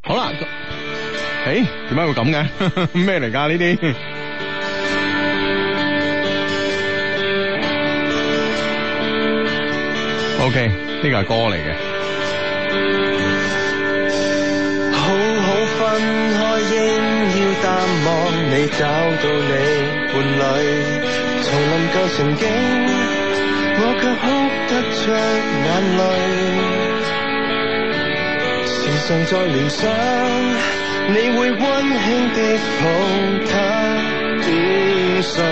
好啦，誒、欸，點解會咁嘅？咩嚟噶呢啲？OK，呢個係歌嚟嘅。好好分開，應要淡忘你，找到你伴侶，重臨舊情景，我卻哭得出眼淚。常在聯想，你會溫馨的抱他入睡，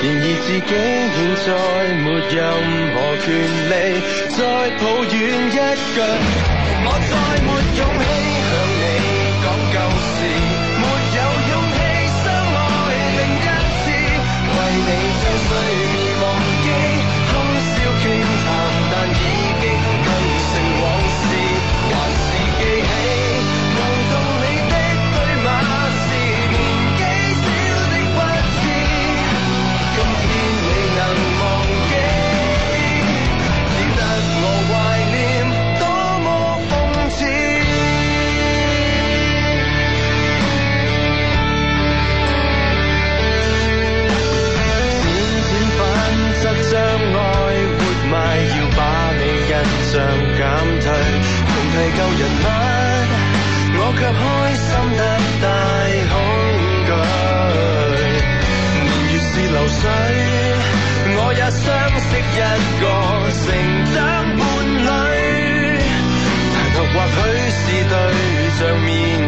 然而自己現在沒任何權利，再抱怨一句，我再沒勇氣向你講舊事，沒有勇氣相愛，另一次，為你追碎。常減退，同提舊人物，我卻開心得大恐懼。年月是流水，我也相識一個成長伴侶。抬頭或許是對象面。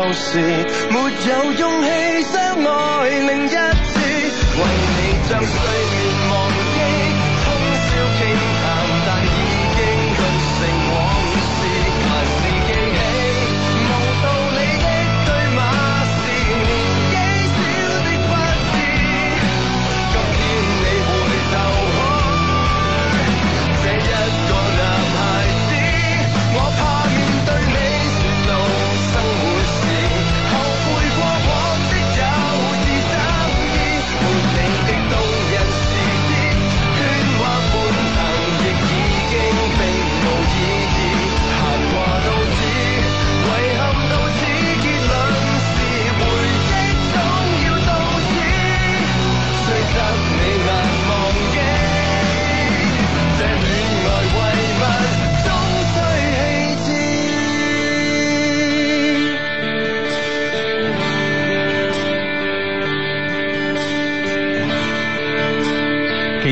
就是沒有勇氣相愛，另一次為你著想。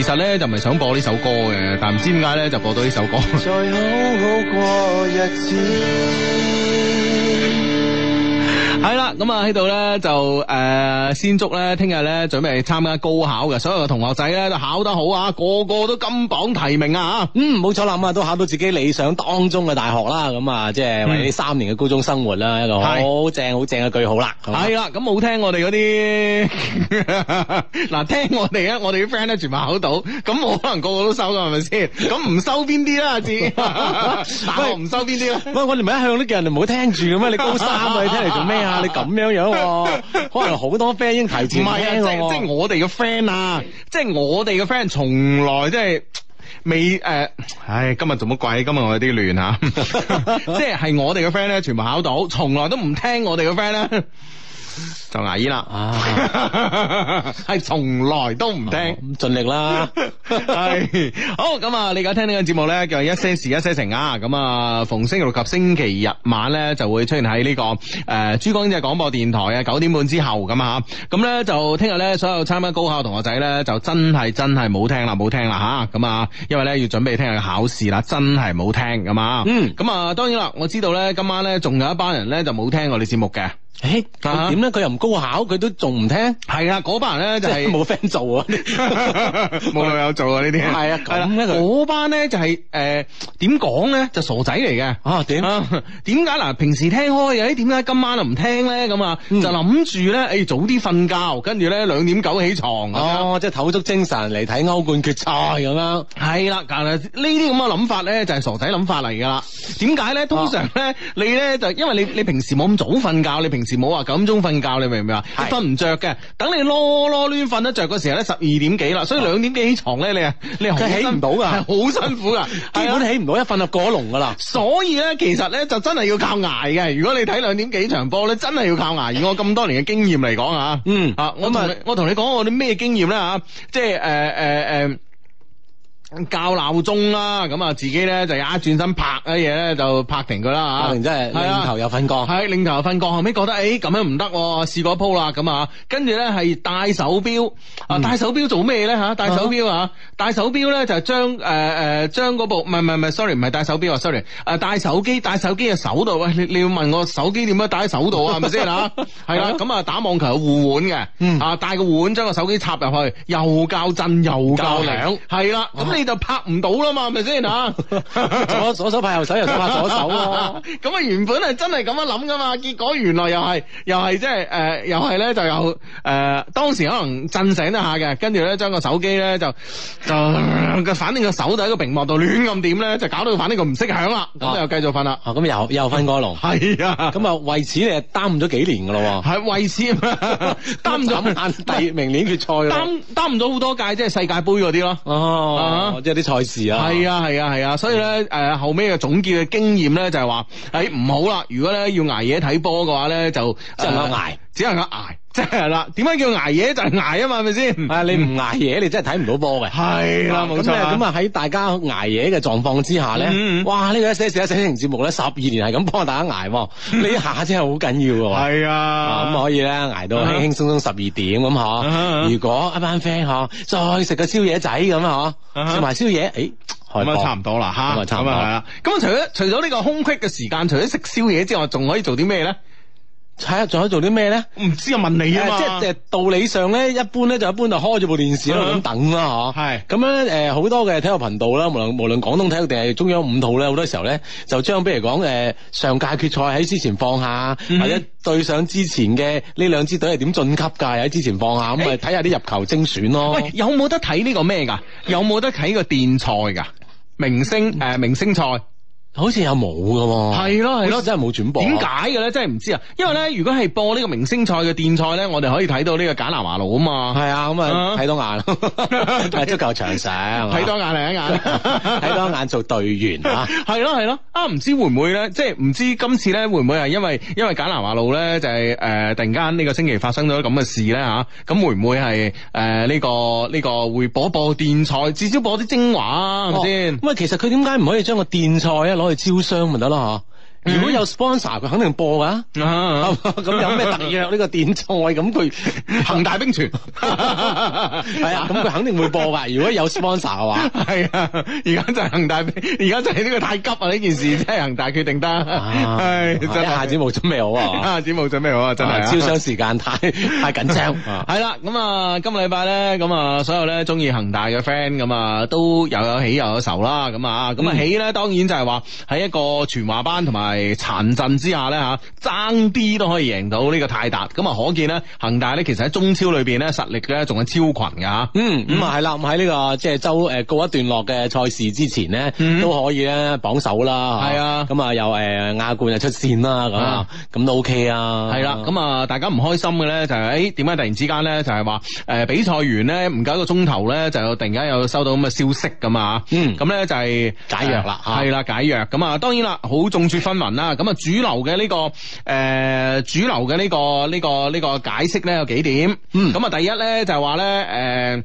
其實咧就唔係想播呢首歌嘅，但唔知點解咧就播到呢首歌。再好好過日子。係啦，咁啊喺度咧就誒、呃，先祝咧聽日咧準備參加高考嘅所有嘅同學仔咧都考得好啊，個個都金榜題名啊！嗯，冇錯啦，都考到自己理想當中嘅大學啦。咁、嗯、啊，即係為你三年嘅高中生活啦，一個正是正正好正好正嘅句號啦。係啦，咁冇聽我哋嗰啲嗱， 聽我哋啊，我哋啲 friend 咧全部考到，咁我可能個個都收啦，係咪先？咁唔收邊啲啦，阿志，大學唔收邊啲？喂， 我哋咪一向都叫人哋唔好聽住嘅咩？你高三啊，你聽嚟做咩啊？ 啊、你咁樣樣、哦， 可能好多 friend 已經提前聽我。即係即係我哋嘅 friend 啊，即係我哋嘅 friend 從來即係未誒，呃、唉，今日做乜鬼？今日我有啲亂吓， 即係係我哋嘅 friend 咧，全部考到，從來都唔聽我哋嘅 friend 咧。 就牙煙啦，係、啊、從 來都唔聽，盡、嗯、力啦。係 好咁啊！你而家聽呢個節目呢，叫一些事一些情啊。咁啊，逢星期六及星期日晚呢，就會出現喺呢、這個誒、呃、珠江經濟廣播電台啊九點半之後咁啊。咁呢，就聽日呢，所有參加高考嘅同學仔呢，就真係真係冇聽啦，冇聽啦吓。咁啊，因為呢，要準備聽日嘅考試啦，真係冇聽係嘛。啊、嗯。咁啊，當然啦，我知道呢，今晚呢，仲有一班人呢，就冇聽我哋節目嘅。誒，點咧？佢又唔高考，佢都仲唔聽？係啊，嗰班人咧就係冇 friend 做啊，冇老友做啊呢啲。係啊，咁咧嗰班咧就係誒，點講咧就傻仔嚟嘅。啊，點？點解嗱？平時聽開嘅，點解今晚又唔聽咧？咁啊，就諗住咧，誒，早啲瞓覺，跟住咧兩點九起床。哦，即係透足精神嚟睇歐冠決賽咁樣。係啦，但係，呢啲咁嘅諗法咧就係傻仔諗法嚟噶啦。點解咧？通常咧，你咧就因為你你平時冇咁早瞓覺，你平時。唔好話咁鐘瞓覺，你明唔明啊？瞓唔着嘅，等你囉囉攣瞓得着嘅時候咧，十二點幾啦，嗯、所以兩點幾起床咧，你啊，你起唔到噶，係好辛苦噶，基本起唔到，一瞓就過龍噶啦。所以咧，其實咧就真係要靠挨嘅。如果你睇兩點幾場波咧，真係要靠挨。以我咁多年嘅經驗嚟講啊，嗯啊，我同、嗯、我同你講我啲咩經驗啦啊，即係誒誒誒。呃呃呃呃較鬧鐘啦，咁啊自己咧就一轉身拍嘅嘢咧就拍停佢啦吓。拍停真係領頭又瞓覺，係領頭又瞓覺，後尾覺得誒咁、欸、樣唔得，試過鋪啦咁啊，跟住咧係戴手表，啊、嗯、戴手表做咩咧吓？戴手表啊，戴手表咧就將誒誒將嗰部唔係唔係唔係，sorry，唔係戴手表，sorry，誒戴手機戴手機嘅手度啊。你你要問我手機點樣啊？戴喺手度啊，係咪先啦？係啦，咁啊打網球有護腕嘅，嗯啊戴個腕將個手機插入去，又較震又較擰，係啦，咁就拍唔到啦嘛，係咪先吓？左左手拍右手，右手拍左手啊！咁啊，原本係真係咁樣諗噶嘛，結果原來又係又係即係誒，又係咧，呃、就有誒、呃，當時可能震醒一下嘅，跟住，咧將個手機咧就就個、呃，反正個手就喺個屏幕度亂咁點咧，就搞到反正個唔識響啦，咁又繼續瞓啦、啊。啊，咁又又瞓過龍，係 啊！咁啊，為此你耽誤咗幾年噶咯？係、啊啊、為此耽誤咗睇明年決賽，耽耽誤咗好多屆即係世界盃嗰啲咯。啊啊啊即係啲賽事啊，係啊係啊係啊，啊，所以咧誒、呃，後屘嘅總結嘅經驗咧就係、是、話，誒、哎，唔好啦，如果咧要挨夜睇波嘅話咧，就即係唔挨。呃只係我挨，即係啦。點解叫挨嘢？就係挨啊嘛，係咪先？啊，你唔挨嘢，你真係睇唔到波嘅。係啦，冇錯。咁啊，喺大家挨嘢嘅狀況之下咧，哇！呢個《一些事一些情》節目咧，十二年係咁幫大家挨，呢下真係好緊要喎。係啊，咁可以咧，挨到輕輕松鬆十二點咁嗬。如果一班 friend 嗬，再食個宵夜仔咁嗬，食埋宵夜，誒，咁啊，差唔多啦，吓，咁啊係啦。咁啊，除咗除咗呢個空隙嘅時間，除咗食宵夜之外，仲可以做啲咩咧？睇下仲可以做啲咩咧？唔知啊，問你啊嘛、呃、即係道理上咧，一般咧就一般就開住部電視喺度咁等啦，嗬、嗯。係、啊。咁咧誒，好、嗯、多嘅體育頻道啦，無論無論廣東體育定係中央五套咧，好多時候咧就將比如講誒、呃、上屆決賽喺之前放下，嗯、哼或者對上之前嘅呢兩支隊係點進級㗎？喺之前放下咁咪睇下啲入球精選咯。欸、喂，有冇得睇呢個咩㗎？有冇得睇個電賽㗎？明星誒、呃、明星賽。好似又冇噶喎，係咯係咯，真係冇轉播。點解嘅咧？真係唔知啊！因為咧，如果係播呢個明星賽嘅電賽咧，我哋可以睇到呢個簡南華路啊嘛。係啊，咁啊睇多眼，足球場上睇多眼另一眼，睇多眼做隊員啊！係咯係咯，啊唔知會唔會咧？即係唔知今次咧會唔會係因為因為簡南華路咧就係、是、誒、呃、突然間呢個星期發生咗咁嘅事咧吓？咁、啊、會唔會係誒呢個呢、這個會播播電賽？至少播啲精華啊，係咪先？咁喂的，其實佢點解唔可以將個電賽啊攞？去招商咪得咯。如果有 sponsor，佢肯定播噶。咁、 啊啊、 有咩特約呢、呢個電賽？咁佢恒大冰泉，係啊，咁佢肯定會播㗎。如果有 sponsor 嘅話，係 啊。而家就係恒大，冰。而家就係呢個太急啊！呢件事真係恒大決定得，係一下子冇準備好啊！一、哎、下子冇咗咩好，準備好啊！真係招商時間太太緊張。係啦，咁啊， 啊今個禮拜咧，咁啊，所有咧中意恒大嘅 friend 咁啊，都又有喜又有愁啦。咁啊，咁啊，喜咧當然就係話喺一個全華班同埋。係殘陣之下咧吓，爭啲都可以贏到呢個泰達，咁啊可見呢，恒大咧其實喺中超裏邊呢，實力咧仲係超群嘅吓。嗯，咁啊係啦，咁喺呢個即係周誒告一段落嘅賽事之前呢，嗯、都可以咧榜首啦。係啊，咁啊又誒亞冠又出線啦，咁啊咁都 OK 啊。係啦，咁啊大家唔開心嘅咧就係喺點解突然之間咧就係話誒比賽完呢，唔夠一個鐘頭咧就突然間又收到咁嘅消息噶嘛。咁咧、嗯、就係、是、解約啦。係、啊、啦解約，咁啊當然啦好眾說紛文啦，咁啊主流嘅呢個誒、呃，主流嘅呢個呢個呢個解釋咧有幾點，嗯，咁啊第一咧就係話咧誒。呃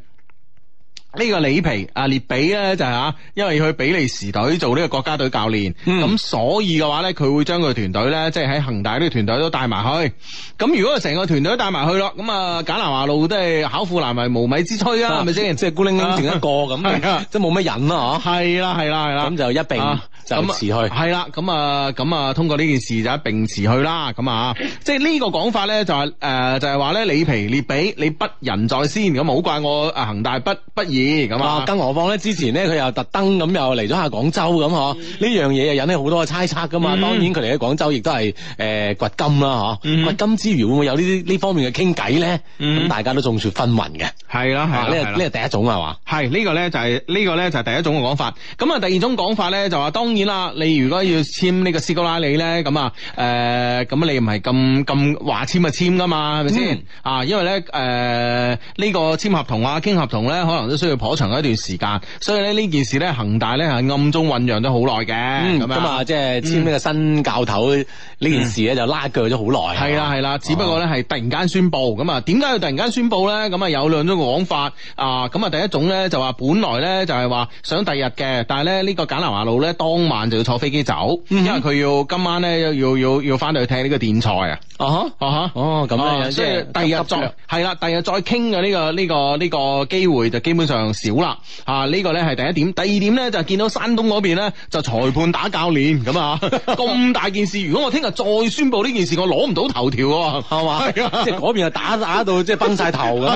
呢個里皮啊列比咧就係吓，因為佢去比利時隊做呢個國家隊教練，咁所以嘅話咧，佢會將佢團隊咧，即係喺恒大呢個團隊都帶埋去。咁如果係成個團隊都帶埋去咯，咁啊簡南華路都係巧婦難為無米之炊啊，係咪先？即係孤零零剩一個咁，即係冇乜人咯嗬。係啦係啦係啦，咁就一併就辭去。係啦，咁啊咁啊，通過呢件事就一併辭去啦。咁啊，即係呢個講法咧就係誒，就係話咧里皮列比你不仁在先，咁啊好怪我誒恒大不不義。哇！更何況咧，之前咧佢又特登咁又嚟咗下廣州咁嗬，呢樣嘢啊引起好多嘅猜測噶嘛。當然佢嚟喺廣州亦都係誒掘金啦嗬，掘、啊、金、嗯、之餘會唔會有呢啲呢方面嘅傾偈咧？咁、嗯、大家都眾說紛紜嘅。係啦，係啦，呢係呢係第一種係嘛？係呢個咧就係呢個咧就係第一種嘅講法。咁啊、這個就是這個、第，第二種講法咧就話、是、當然啦，你如果要簽呢個斯哥拉里咧，咁啊誒咁你唔係咁咁話簽就簽噶嘛，係咪先？啊，因為咧誒呢個簽合同啊傾合同咧，可能都需要。頗長一段時間，所以咧呢件事咧恒大咧係暗中醞釀咗好耐嘅，咁啊即係簽呢個新教頭呢件事咧就拉鋸咗好耐。係啦係啦，只不過咧係突然間宣布，咁啊點解要突然間宣布咧？咁啊有兩種講法啊，咁啊第一種咧就話本來咧就係話想第日嘅，但係咧呢個簡南華路咧當晚就要坐飛機走，因為佢要今晚咧要要要翻到去睇呢個電賽啊。哦咁樣即係第二日再係啦，第二日再傾嘅呢個呢個呢個機會就基本上。少啦啊！呢個咧係第一點，第二點咧就見到山東嗰邊咧就裁判打教練咁啊！咁大件事，如果我聽日再宣布呢件事，我攞唔到頭條喎，係嘛？即係嗰邊又打打到即係崩晒頭咁，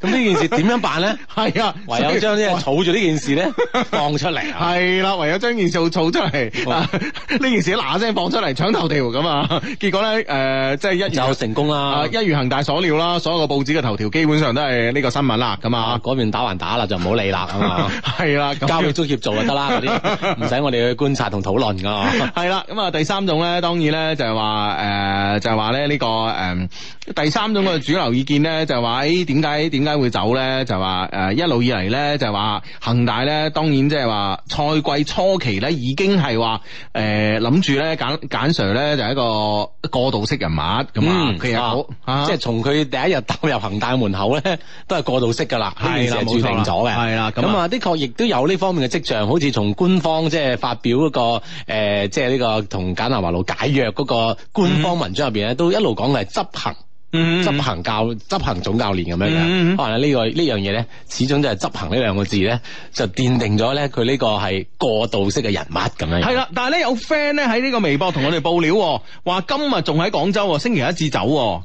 咁呢件事點樣辦咧？係啊，唯有將即係儲住呢件事咧放出嚟。係啦，唯有將件事儲出嚟，呢件事嗱嗱聲放出嚟搶頭條咁啊！結果咧誒，即係一有成功啦，一如恒大所料啦，所有個報紙嘅頭條基本上都係呢個新聞啦，咁啊，嗰邊。打還打啦，就唔好理啦，係啦，交俾足協做就得啦，嗰啲唔使我哋去觀察同討論噶。係啦，咁啊第三種咧，當然咧就係話誒，就係話咧呢個誒第三種嘅主流意見咧，就係話誒點解點解會走咧？就係話誒一路以嚟咧，就係話恒大咧，當然即係話賽季初期咧，已經係話誒諗住咧簡簡 Sir 咧就係一個過渡式人物咁啊，佢又好，即係從佢第一日踏入恒大門口咧，都係過渡式噶啦，係啦。註定咗嘅冇錯，係啦，咁啊，的確亦都有呢方面嘅跡象，好似從官方即係發表嗰個誒，即係呢個同簡南華路解約嗰個官方文章入邊咧，嗯、都一路講嘅係執行。執行教、執行總教練咁樣嘅，可能呢個呢樣嘢咧，始終就係執行呢兩個字咧，就奠定咗咧佢呢個係過渡式嘅人物咁樣。係啦，但係咧有 friend 咧喺呢個微博同我哋報料，話今日仲喺廣州，星期一至走，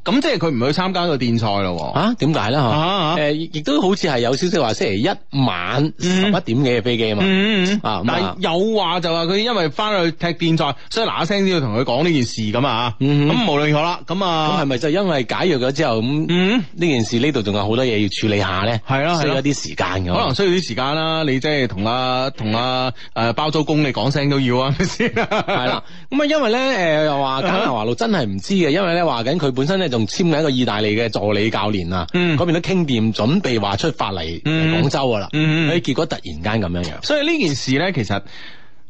咁即係佢唔去參加個電賽啦。吓，點解咧？吓，誒，亦都好似係有消息話星期一晚十一點幾嘅飛機啊嘛。啊，但係有話就話佢因為翻去踢電賽，所以嗱嗱聲都要同佢講呢件事咁啊。咁無論如何啦，咁啊，係咪就因為解約咗之後咁，呢、嗯、件事呢度仲有好多嘢要處理下咧， 需要一啲時間嘅，可能需要啲時間啦。 你即係同阿同阿誒包租公你講聲都要啊，咪先？係 啦，咁 啊，因為咧誒又話簡拿華路真係唔知嘅，因為咧話緊佢本身咧仲簽緊一個意大利嘅助理教練啊，嗰邊都傾掂，準備話出發嚟廣州噶啦，嗯嗯、所以結果突然間咁樣樣，所以呢件事咧其實。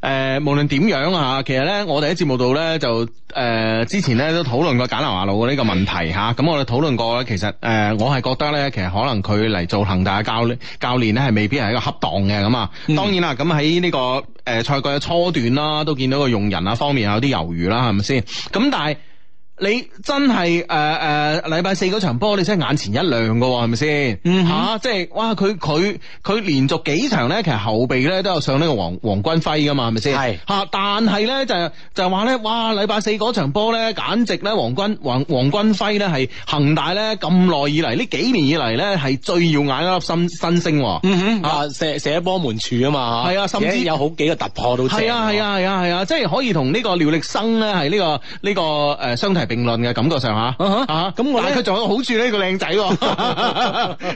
誒、呃，無論點樣啊其實咧，我哋喺節目度咧就誒，之前咧都討論過簡拿華路呢個問題吓，咁、嗯啊、我哋討論過咧，其實誒、呃，我係覺得咧，其實可能佢嚟做恒大嘅教練教練咧，係未必係一個恰當嘅咁啊。當然啦，咁喺呢個誒賽季嘅初段啦，都見到個用人啊方面有啲猶豫啦，係咪先？咁但係。你真係誒誒禮拜四嗰場波，你真係眼前一亮噶喎，係咪先？吓，即係哇！佢佢佢連續幾場咧，其實後備咧都有上呢個黃黃軍輝噶嘛，係咪先？係嚇，但係咧就就話咧，哇！禮拜四嗰場波咧，簡直咧黃軍黃黃軍輝咧係恒大咧咁耐以嚟呢幾年以嚟咧係最耀眼粒新新星喎。嗯哼，嚇射射波門柱啊嘛，係啊，甚至有好幾個突破都係啊係啊係啊係啊，即係可以同呢個廖力生咧係呢個呢個誒相提。評論嘅感覺上下吓，咁我咧佢仲有好處呢。佢靚仔，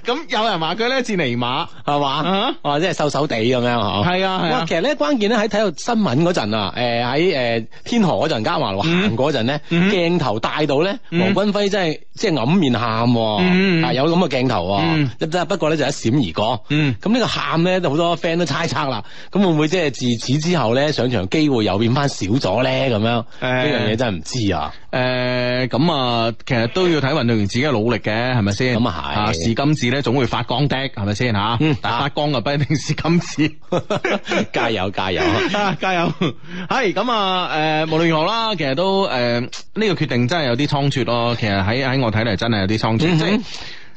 咁有人話佢咧似尼馬係嘛，或即係瘦瘦哋咁樣吓，係啊係啊。其實咧關鍵咧喺體育新聞嗰陣啊，誒喺誒天河嗰陣加華路行嗰陣咧，鏡頭帶到咧，王君輝真係即係掩面喊，有咁嘅鏡頭，不過咧就一閃而過。咁呢個喊咧，好多 friend 都猜測啦。咁會唔會即係自此之後咧，上場機會又變翻少咗咧？咁樣呢樣嘢真係唔知啊。誒，咁啊，其實都要睇運動員自己嘅努力嘅，係咪先？咁啊係，是金子咧，總會發光的，係咪先吓？嗯、但係發光啊，不一定是金子。加 油 加油！加油！係咁 啊，誒加， 無論如何啦，其實都誒，呢、呃呢個決定真係有啲倉促咯。其實喺喺我睇嚟，真係有啲倉促。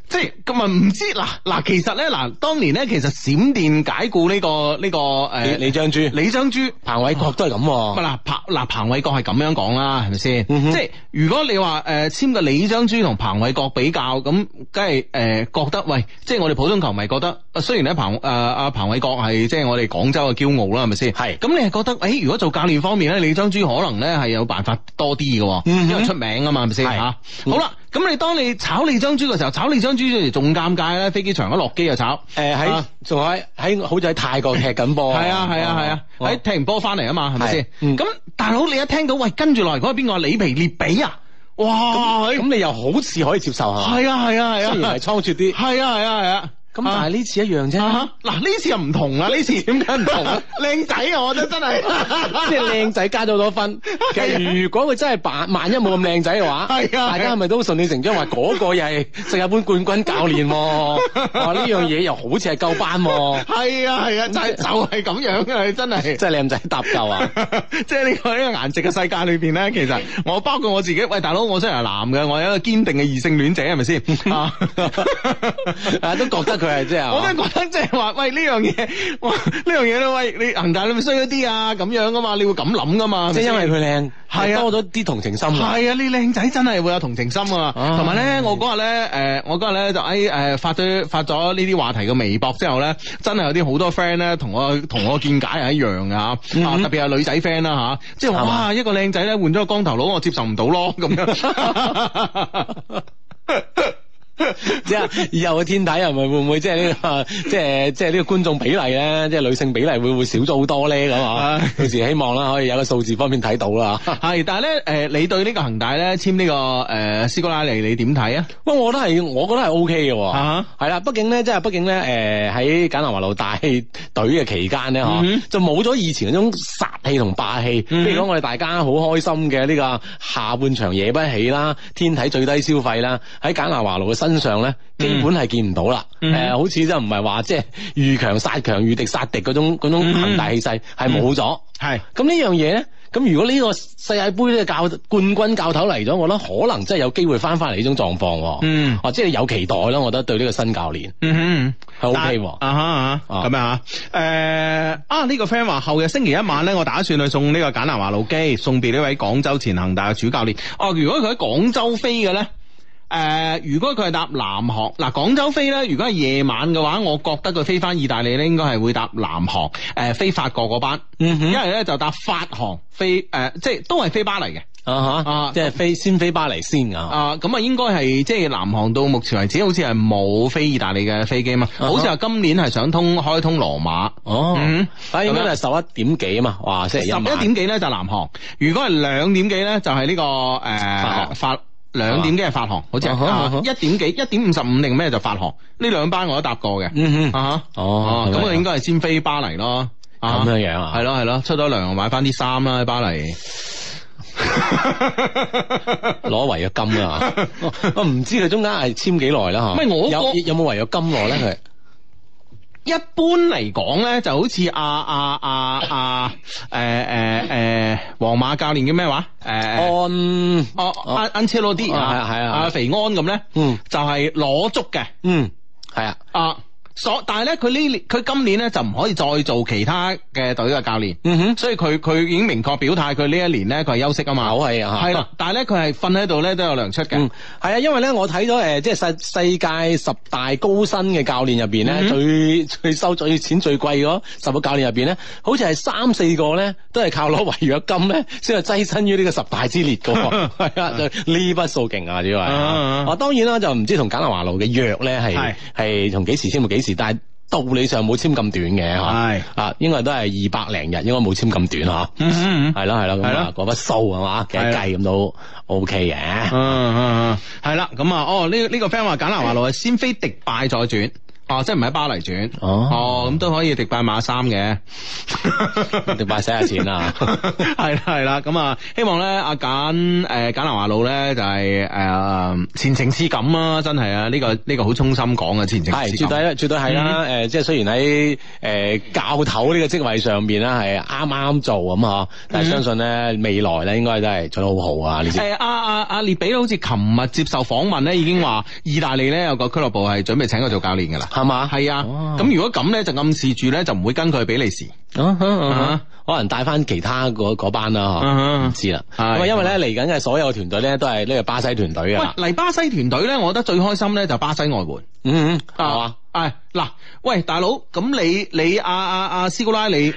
即係咁啊！唔知嗱嗱，其實咧嗱，當年咧其實閃電解雇呢、這個呢、這個誒、呃、李章洙、李章洙、彭偉國、啊、都係咁、啊。唔係嗱彭嗱彭偉國係咁樣講啦，係咪先？是是嗯、哼即係如果你話誒簽個李章洙同彭偉國比較，咁梗係誒覺得喂，即係我哋普通球迷覺得。雖然咧彭誒阿彭偉國係即係我哋廣州嘅驕傲啦，係咪先？係咁你係覺得誒，如果做教練方面咧，李章洙可能咧係有辦法多啲嘅，因為出名啊嘛，係咪先？吓好啦，咁你當你炒李章洙嘅時候，炒李章洙嗰時仲尷尬咧，飛機場一落機就炒。誒喺仲喺喺好似喺泰國踢緊波。係啊係啊係啊，喺踢完波翻嚟啊嘛，係咪先？咁大佬你一聽到喂跟住落嚟嗰個邊個李皮列比啊？哇！咁你又好似可以接受下？係啊係啊係啊，雖然係倉促啲。係啊係啊係啊。咁但係呢次一樣啫，嗱呢、啊啊、次又唔同啦。呢次點解唔同啊？靚仔啊，我覺得真係，即係靚仔加咗多分。其實如果佢真係百萬一冇咁靚仔嘅話，係 啊，大家係咪都順理成章話嗰個又係世界杯冠軍教練喎，啊。 哇，呢樣嘢又好似係夠班喎。係啊，係 啊，啊，就係、就係、係、咁樣嘅，真係。即係靚仔搭救啊！即係呢個呢個顏值嘅世界裏邊咧，其實我包括我自己，喂大佬，我真係男嘅，我係一個堅定嘅異性戀者，係咪先啊？都覺得。我真覺得即係話，喂呢樣嘢，哇呢樣嘢咧，喂你恒大你咪衰咗啲啊咁樣噶嘛，你會咁諗噶嘛？即係因為佢靚，係啊多咗啲同情心。係啊，呢靚仔真係會有同情心啊！同埋咧，我嗰日咧，誒、呃、我嗰日咧就誒誒發咗發咗呢啲話題嘅微博之後咧，真係有啲好多 friend 咧同我同我見解係一樣噶，嗯、哼特別係女仔 friend 啦吓，即係話哇是是一個靚仔咧換咗個光頭佬，我接受唔到咯咁樣。 即係 以後嘅天體係咪 會唔會即係呢個即係即係呢個觀眾比例咧，即係 女性比例會會少咗好多咧咁啊？到 時希望啦，可以有個數字方面睇到啦。係， 但係咧，誒、呃，你對個呢簽、這個恒大咧簽呢個誒斯哥拉利，你點睇啊？不過我覺得係，我覺得係 O K 嘅。係啦， 畢竟咧，即係畢竟咧，誒喺、呃、簡拿華路大隊嘅期間咧，嗬， 就冇咗以前嗰種殺氣同霸氣。譬 如講我哋大家好開心嘅呢個下半場惹不起啦，天體最低消費啦，喺簡拿華路嘅身上咧，基本係見唔到啦。誒、嗯呃，好似即係唔係話即係遇強殺強遇敵殺敵嗰種嗰種恒大氣勢係冇咗。係咁、嗯、呢樣嘢咧，咁如果呢個世界杯咧教冠軍教頭嚟咗，我諗可能真係有機會翻翻嚟呢種狀況。嗯，哦、啊，即係有期待咯，我覺得對呢個新教練。嗯哼，係 OK 啊咁樣吓。誒啊，呢個 friend 話後日星期一晚咧，我打算去送呢個簡南華老基送別呢位廣州前恒大嘅主教練。哦、啊，如果佢喺廣州飛嘅咧？誒、呃，如果佢係搭南航，嗱、呃、廣州飛咧，如果係夜晚嘅話，我覺得佢飛翻意大利咧，應該係會搭南航，誒、呃、飛法國嗰班，因為咧就搭法航飛，誒、呃、即係都係飛巴黎嘅，啊、呃、即係飛先飛巴黎先啊，啊咁啊應該係即係南航到目前為止好似係冇飛意大利嘅飛機嘛，嗯、哼好似話今年係想通開通羅馬哦，咁、嗯、應該係十一點幾啊嘛，哇即係十一點幾咧就南航，如果係兩點幾咧就係呢、這個誒法。呃兩點幾係發行，好似一點幾一點五十五定咩就發行。呢兩班我都搭過嘅，啊，哦，咁我應該係先飛巴黎咯。咁樣樣啊，係咯係咯，出咗糧買翻啲衫啦喺巴黎，攞違約金啊！我唔知佢中間係簽幾耐啦，吓，有有冇違約金攞咧佢？一般嚟講咧，就好似阿阿阿阿誒誒誒，皇馬教練叫咩話？誒，安安安車佬啲，係啊係啊，阿肥安咁咧，嗯，就係攞足嘅，嗯，係啊，啊。啊啊啊啊所，但係咧佢呢佢今年咧就唔可以再做其他嘅隊嘅教練，嗯哼，所以佢佢已經明確表態，佢呢一年咧佢係休息啊嘛，好係啊，係啦的，嗯、但係咧佢係瞓喺度咧都有糧出嘅，係啊、嗯，因為咧我睇咗誒即係世世界十大高薪嘅教練入邊咧、嗯、哼最最收最錢最貴嗰十個教練入邊咧，好似係三四個咧都係靠攞違約金咧先係躋身於呢個十大之列噶，係啊， 呢筆數勁啊，主要係啊，嗯嗯嗯嗯、當然啦就唔知同簡南華路嘅約咧係係同幾時先冇幾。時，但係道理上冇簽咁短嘅，吓，係是 啊，應該都係二百零日，應該冇簽咁短吓，係咯係咯，咁啊嗰筆數係嘛，計咁都 O K 嘅，嗯，嗯，嗯，係啦，咁啊，哦呢呢個 friend 話簡南華路啊，先飛迪拜再轉。喔喔、哦，即係唔係喺巴黎轉，哦，咁都可以迪拜馬三嘅， 迪拜使下錢啊，係啦係啦，咁、嗯、啊，希望咧阿簡誒簡南華路咧就係誒前程似錦啊，真係啊，呢個呢個好衷心講啊，前程似錦、啊，係、這個、絕對絕對係啦，誒，即係雖然喺誒教頭呢個職位上邊咧係啱啱做咁嗬，但係相信咧未來咧應該都係做得好好、嗯些欸、啊，係阿阿阿列比好似琴日接受訪問咧已經話，意大利咧有個俱樂部係準備請佢做教練噶啦。係嘛？係啊！咁、哦、如果咁咧，就暗示住咧，就唔會跟佢俾利是，可能帶翻其他嗰嗰班啦嗬，唔、啊啊、知啦。咁吧因為咧嚟緊嘅所有團隊咧，都係呢個巴西團隊啊。嚟巴西團隊咧，我覺得最開心咧就巴西外援。嗯，嗯，係嘛？唉嗱，喂，大佬，咁你你阿阿阿斯古拉里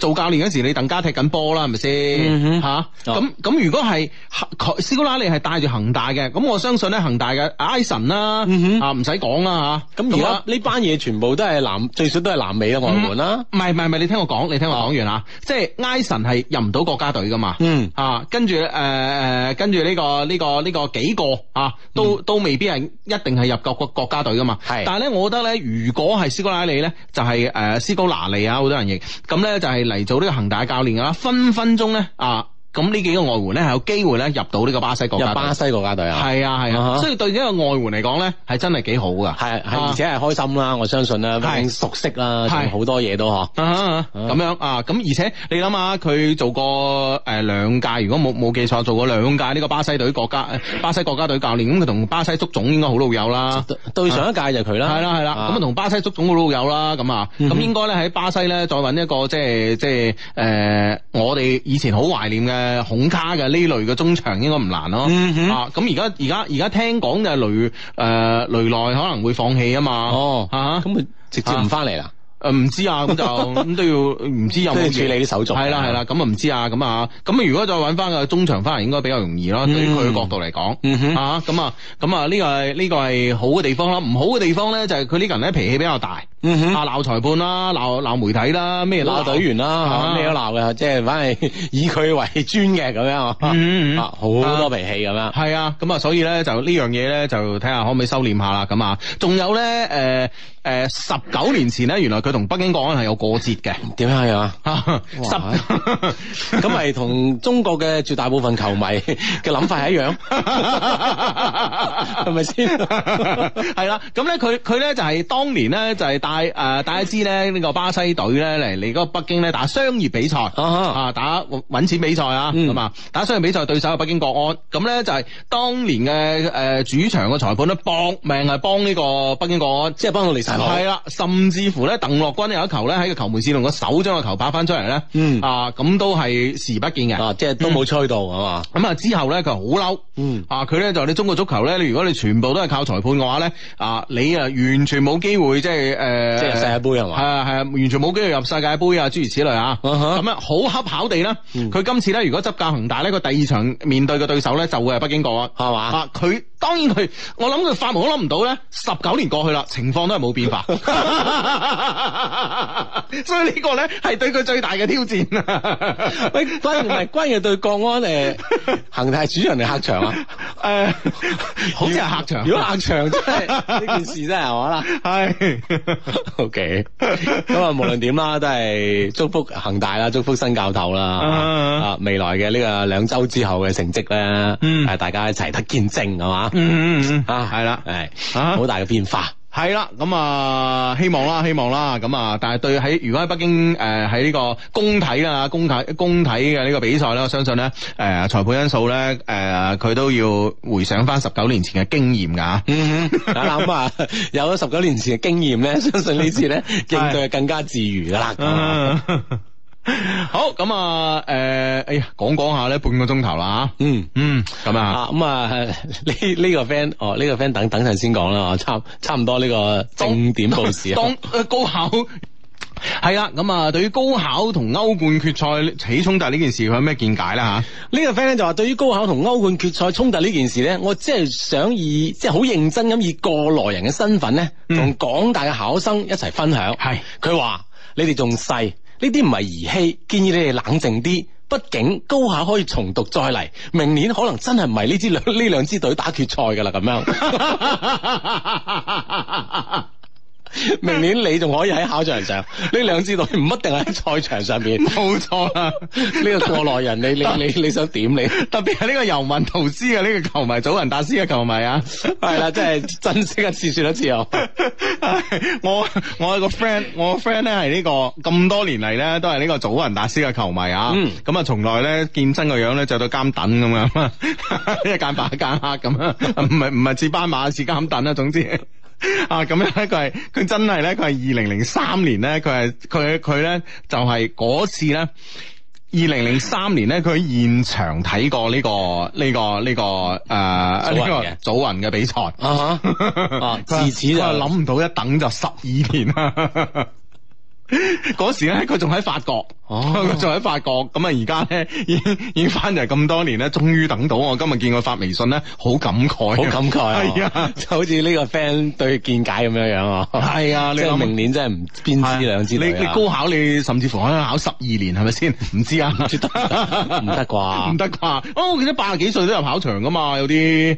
做教練陣時，你鄧加踢緊波啦，係咪先？吓，咁咁如果係斯古拉里係帶住恒大嘅，咁我相信咧恒大嘅埃神啦，啊，唔使講啦吓。咁而家呢班嘢全部都係南最少都係南美嘅外援啦。唔係唔係唔係，你聽我講，你聽我講完吓。即係埃神係入唔到國家隊噶嘛？嗯，吓跟住誒誒，跟住呢個呢個呢個幾個啊，都都未必係一定係入各個國家隊。噶嘛，係，但係咧，我覺得咧，如果係斯哥拉利咧，就係、是、誒、呃、斯高拿利啊，好多人認，咁咧就係、是、嚟做呢個恒大教練噶啦，分分鐘咧啊。咁呢幾個外援咧，係有機會咧入到呢個巴西國家隊。入巴西國家隊啊！係啊，係啊，所以對呢個外援嚟講咧，係真係幾好噶。係，係，而且係開心啦。我相信啦，畢竟熟悉啦，仲好多嘢都呵。咁樣啊，咁而且你諗下，佢做過誒兩屆，如果冇冇記錯，做過兩屆呢個巴西隊國家巴西國家隊教練。咁佢同巴西足總應該好老友啦。對上一屆就佢啦。係啦、uh，係、huh. 啦。咁啊，同巴西足總好老友啦。咁啊，咁、uh huh. 應該咧喺巴西咧，再揾一個即係即係誒、呃，我哋以前好懷念嘅。誒，孔卡嘅呢類嘅中場應該唔難咯。啊，咁而家而家而家聽講就係雷誒、呃、雷內可能會放棄啊嘛，哦，吓咁啊，直接唔翻嚟啦。誒唔知啊，咁就咁都要唔知有冇 處理啲手續，係啦係啦，咁啊唔知啊，咁啊咁啊如果再揾翻個中場翻嚟，應該比較容易咯、啊，對於佢嘅角度嚟講、嗯哼啊嗯，啊咁啊咁啊呢個係呢個係好嘅地方咯，唔好嘅地方咧就係佢呢個人咧脾氣比較大。啊鬧裁判啦，鬧鬧媒體啦，咩鬧隊員啦，咩都鬧嘅，即係反係以佢為尊嘅咁樣啊，好多脾氣咁樣。係啊，咁啊，所以咧就呢樣嘢咧就睇下可唔可以收斂下啦，咁啊，仲有咧誒誒十九年前咧，原來佢同北京國安係有過節嘅。點樣樣啊？咁咪同中國嘅絕大部分球迷嘅諗法係一樣，係咪先？係啦，咁咧佢佢咧就係當年咧就係誒，大家知咧呢個巴西隊咧嚟嚟個北京咧打商業比賽，啊，啊打搵錢比賽啊，咁啊、嗯、打商業比賽對手係北京國安，咁咧就係當年嘅誒主場嘅裁判咧搏命係幫呢個北京國安，即係幫到嚟晒，係啦，甚至乎咧鄧洛君有一球咧喺個球門線同個手將個球打翻出嚟咧，嗯啊嗯，啊咁都係視而不見人，啊即係都冇吹到係嘛，咁啊、嗯嗯、之後咧佢好嬲，啊佢咧就話你中國足球咧，你如果你全部都係靠裁判嘅話咧，啊你啊完全冇機會，呃、即係誒。呃呃呃呃即係世界杯係嘛，係啊係啊，完全冇機會入世界杯啊，諸如此類啊，咁啊好恰巧地咧，佢今、uh huh. 次咧如果執教恒大咧，個第二場面對嘅對手咧就會係北京國安，係嘛、uh，佢、huh. 啊。當然佢，我諗佢發夢都諗唔到咧。十九年過去啦，情況都係冇變化， 所以呢個咧係對佢最大嘅挑戰啊！喂， 關鍵係關鍵係對國安誒恒大主場嘅客場啊？誒，好似係客場。如果客場即係呢件事真係，係嘛啦？係，O K。咁啊，無論點啦，都係祝福恒大啦，祝福新教頭啦。Uh, uh. 啊，未來嘅呢個兩周之後嘅成績咧，係、mm. 大家一齊得見證，係嘛。嗯嗯嗯 啊，係啦，係 啊，好大嘅變化，係啦，咁啊，希望啦，希望啦，咁、嗯、啊，但係對喺如果喺北京誒喺呢個工體啦工體工體嘅呢個比賽咧，我相信咧誒裁判因素咧誒佢都要回想翻十九年前嘅經驗噶，諗諗啊有咗十九年前嘅經驗咧，相信呢次咧應對係更加自如噶啦。 嗯嗯嗯好咁啊，誒、嗯，哎呀，講講下咧，半個鐘頭啦吓，嗯嗯，咁啊，咁啊，呢、嗯、呢、這個 friend，哦，呢、這個 friend，等等陣先講啦，差差唔多呢個重點故事啊，當高考係啊，咁啊、 嗯，對於高考同歐冠決賽起衝突呢件事，佢有咩見解咧吓？呢個 friend 咧就話，對於高考同歐冠決賽衝突呢件事咧，我即係想以即係好認真咁以過來人嘅身份咧，同廣大嘅考生一齊分享，係佢話你哋仲細。呢啲唔係兒戲，建議你哋冷靜啲。畢竟高考可以重讀再嚟，明年可能真係唔係呢支兩呢兩支隊打決賽㗎啦，咁樣。 明年你仲可以喺考場上，呢兩支隊唔一定喺賽場上邊，冇錯啦。呢 個過來人，你你你你想點你？ 特別係呢個尤文圖斯嘅呢個球迷，祖雲達斯嘅球迷啊，係 啦，真係珍惜一次，說一次哦。 我我有個 friend，我個 friend 咧係呢個咁多年嚟咧都係呢個祖雲達斯嘅球迷啊，咁啊從來咧健身個樣咧著到監躉咁樣，一 間白一間黑咁啊，唔係唔係似斑馬似監躉啊。總之。啊，咁樣咧佢係佢真係咧，佢係二零零三年咧，佢係佢佢咧就係、是、嗰次咧，二零零三年咧，佢喺現場睇過呢、呢個呢、呢個呢、這個誒呢、呃啊呢個祖雲嘅比賽。啊, 啊，自此就諗、是、唔到一等就十二年啦。 嗰 時咧，佢仲喺法國，佢仲喺法國，咁啊而家咧，已經翻嚟咁多年咧，終於等到我今日見佢發微信咧，好感慨、啊，好感慨，係啊，啊啊就好似呢個 friend 對見解咁樣樣啊，係啊，你即係明年真係唔邊知兩知兩、啊啊，你你高考你甚至乎可能考十二年係咪先？唔知啊，唔得，唔得啩，唔得啩，哦，我記得八十幾歲都有考場噶嘛，有啲，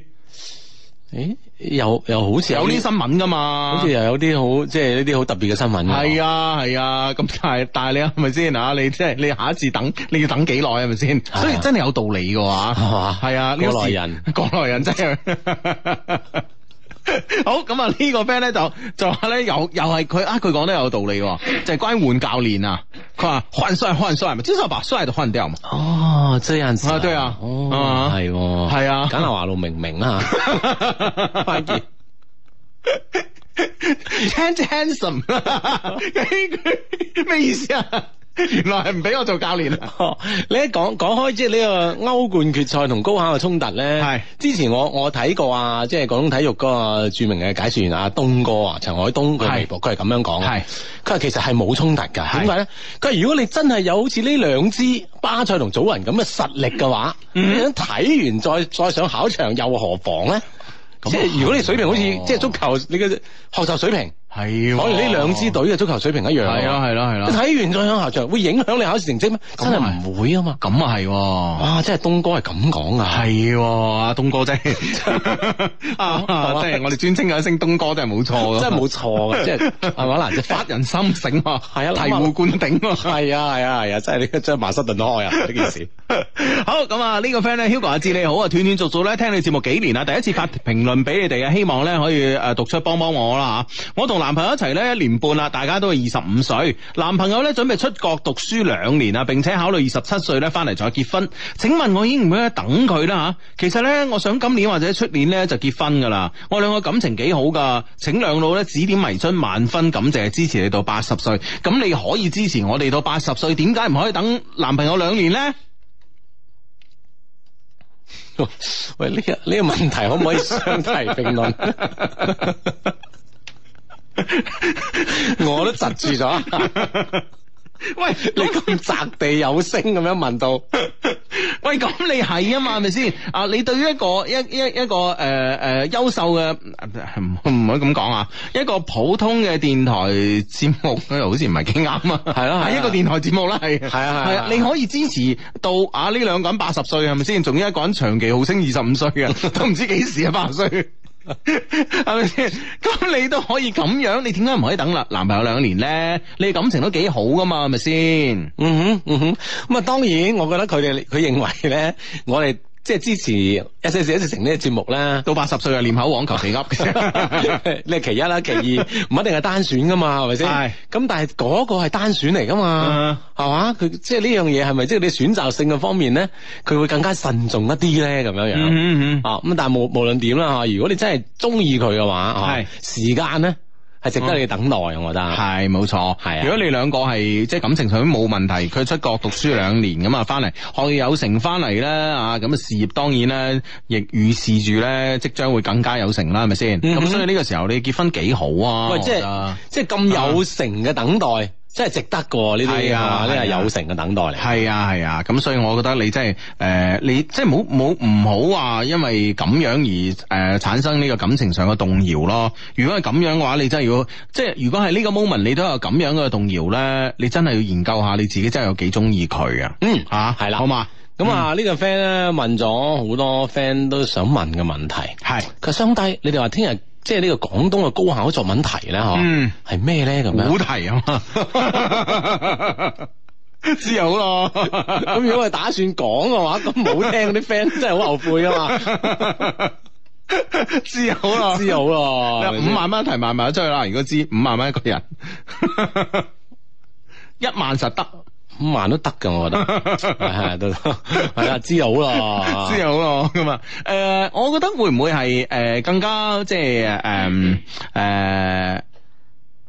誒。又又好似有啲新聞㗎嘛，好似又有啲好即係呢啲好特別嘅新聞。係啊係啊，咁但係但係你係咪先啊？你即係你，你下一次等你要等幾耐係咪先？是是啊，所以真係有道理嘅話，係啊，過來，啊，人過來人真係。 好咁啊！呢、這個 friend 咧就就話咧又又係佢啊！佢講得有道理，就係、是、關於換教練啊。佢話換帥換帥，即係話把帥就換掉嘛。時哦，這樣子啊，啊對啊，係、嗯、係啊，簡大華路明明啊，翻譯 handsome，咩意思啊？原來係唔俾我做教練、哦、你一講講開，即係呢個歐冠決賽同高考嘅衝突咧，係是之前我我睇過啊，即係廣東體育個、啊、著名嘅解說員啊，東哥啊，陳海東嘅微博，佢係咁樣講嘅，佢話是其實係冇衝突噶，點解咧？佢話如果你真係有好似呢兩支巴塞同祖雲咁嘅實力嘅話，咁睇、嗯、完再再上考場又何妨咧？即係如果你水平好似、哦、即係足球你嘅學習水平。係，反而呢兩支隊嘅足球水平一樣。係咯係咯係咯，睇完再向下場，會影響你考試成績咩？真係唔會啊嘛，咁啊係。哇，真係東哥係咁講啊，係，阿東哥真係，即係我哋尊稱一聲東哥，真係冇錯，真係冇錯噶，即係係咪就發人心醒，係啊，醍醐灌頂啊！係啊係啊係啊！真係你將茅塞頓開啊！呢件事。好，咁啊呢個 friend 咧，Hugo 阿志你好啊，斷斷續續咧聽你節目幾年啦，第一次發評論俾你哋啊，希望咧可以誒讀出幫幫我啦吓，我同。男朋友一齊咧一年半啦，大家都係二十五歲。男朋友咧準備出國讀書兩年啊，並且考慮二十七歲咧翻嚟再結婚。請問我應唔應該等佢啦吓？其實呢，我想今年或者出年呢就結婚噶啦。我兩個感情幾好噶，請兩老咧指點迷津，萬分感謝，支持你到八十歲。咁你可以支持我哋到八十歲，點解唔可以等男朋友兩年呢？ 喂，呢個呢個問題可唔可以相提評論？ 我都窒住咗， 喂！你咁擲地有聲咁樣問到， 喂咁你係啊嘛係咪先？啊， 你對於一個一一一,一個誒誒優秀嘅唔唔可以咁講啊，一個普通嘅電台節目，好似唔係幾啱啊，係咯，係一個電台節目啦，係係啊係啊，啊啊啊 你可以支持到啊呢兩個人八十歲係咪先？仲有一個人長期號稱二十五歲嘅，都唔知幾時啊八十歲。 係咪先？咁你都可以咁樣，你點解唔可以等啦？男朋友兩年咧，你感情都幾好噶嘛？係咪先？oz gr at 嗯哼，嗯哼，咁啊，當然，我覺得佢哋佢認為咧，我哋。即係支持一些事一些情呢個節目咧，到八十歲又唸口黃求其噏嘅， 你係其一啦，其二唔一定係單選噶嘛，係咪先？係是。咁但係嗰個係單選嚟噶嘛，係嘛、嗯？佢即係呢樣嘢係咪即係你選擇性嘅方面咧？佢會更加慎重一啲咧，咁樣樣。嗯嗯。啊、嗯，咁、嗯嗯、但係無無論點啦嚇，如果你真係中意佢嘅話，係是時間咧。係值得你等待、嗯、我覺得係冇錯，係啊的！如果你兩個係即係感情上邊冇問題，佢出國讀書兩年咁啊，翻嚟學業有成翻嚟咧啊！咁啊事業當然咧亦預示住咧即將會更加有成啦，係咪先？咁、嗯、哼所以呢個時候你結婚幾好啊？喂，即係是即係咁有成嘅等待，真係值得噶呢啲，呢個係有成嘅等待嚟。係啊係啊，咁、啊啊啊、所以我覺得你真係誒、呃，你真係冇冇唔好話，因為咁樣而誒產生呢個感情上嘅動搖咯。如果係咁樣嘅話，你真係要即係如果係呢個 moment，你都有咁樣嘅動搖咧，你真係要研究下你自己真係有幾鍾意佢啊。的吧嗯，嚇、嗯，係啦，好嘛。咁啊，呢、這個 friend 咧問咗好多 friend 都想問嘅問題，係佢兄弟，你哋話聽日。即係、嗯、呢個廣東嘅高考作文題咧，嗬，係咩咧咁樣？古題啊嘛，知有咯。咁 如果係打算講嘅話，咁唔好聽，啲 friend 真係好後悔啊嘛。知有咯，知有咯，五萬蚊題賣埋咗出去啦。如果知五萬蚊一個人， 一萬實得。五萬都得噶，我覺得係係 知又好咯， 知又好咯咁啊。誒、 呃，我覺得會唔會係誒、呃、更加即係誒誒？就是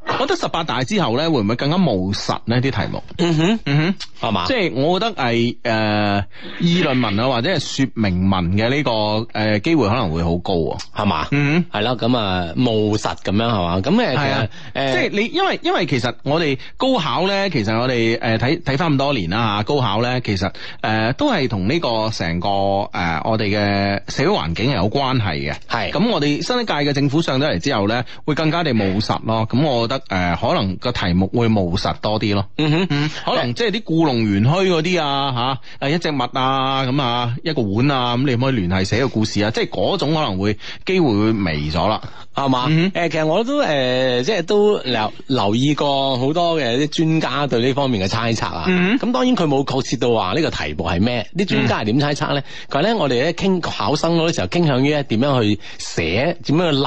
我覺得十八大之後咧，會唔會更加務實呢啲題目，嗯哼，嗯哼，係嘛吧？即係我覺得係誒、呃、議論文啊，或者係說明文嘅呢、這個誒機、呃、會可能會好高啊，係嘛吧？嗯哼，係啦，咁啊務實咁樣係嘛？咁誒，係啊，誒、呃，即係你因為因為其實我哋高考咧，其實我哋誒睇睇翻，咁多年啦吓，高考咧，其實誒、呃、都係同呢個成個誒、呃、我哋嘅社會環境係有關係嘅。係是。咁我哋新一屆嘅政府上咗嚟之後咧，會更加地務實咯。咁我覺得。誒，可能個題目會務實多啲咯。嗯哼，嗯可能即係啲故弄玄虛嗰啲啊，吓，誒，一隻物啊，咁啊，一個碗啊，咁你可唔可以聯繫寫個故事啊？即係嗰種可能會機會會微咗啦，係嘛？誒，其實我都誒，即係都留留意過好多嘅啲專家對呢方面嘅猜測啊。咁、嗯、哼當然佢冇確切到話呢個題目係咩，啲專家係點猜測咧？佢話咧、嗯，我哋咧傾考生嗰啲時候，傾向於咧點樣去寫，點樣去立。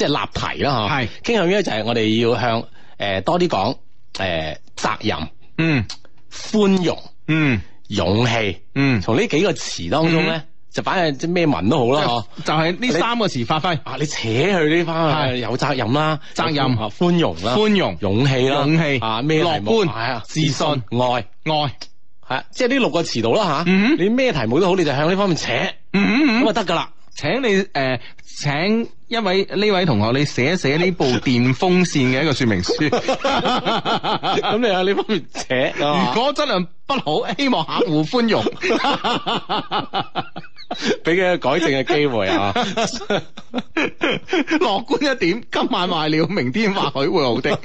即係立題啦，嗬。係傾向於就係我哋要向誒多啲講誒責任，嗯，寬容，嗯，勇氣，嗯。從呢幾個詞當中咧，就反正即咩文都好啦，就係呢三個詞發揮。啊，你扯去呢方面。係有責任啦，責任。寬容啦。寬容。勇氣啦。勇氣。啊，咩題目？係啊。自信。愛愛。係啊，即係呢六個詞度啦，吓。嗯。你咩題目都好，你就向呢方面扯。嗯嗯嗯。咁啊，得噶啦。請你誒、呃、請一位呢位同學，你寫一寫呢部電風扇嘅一個說明書。咁你啊，你不如扯。如果質量不好，希望客戶寬容。 俾佢 改正嘅機會啊！樂 觀一點，今晚賣了，明天或許會好啲，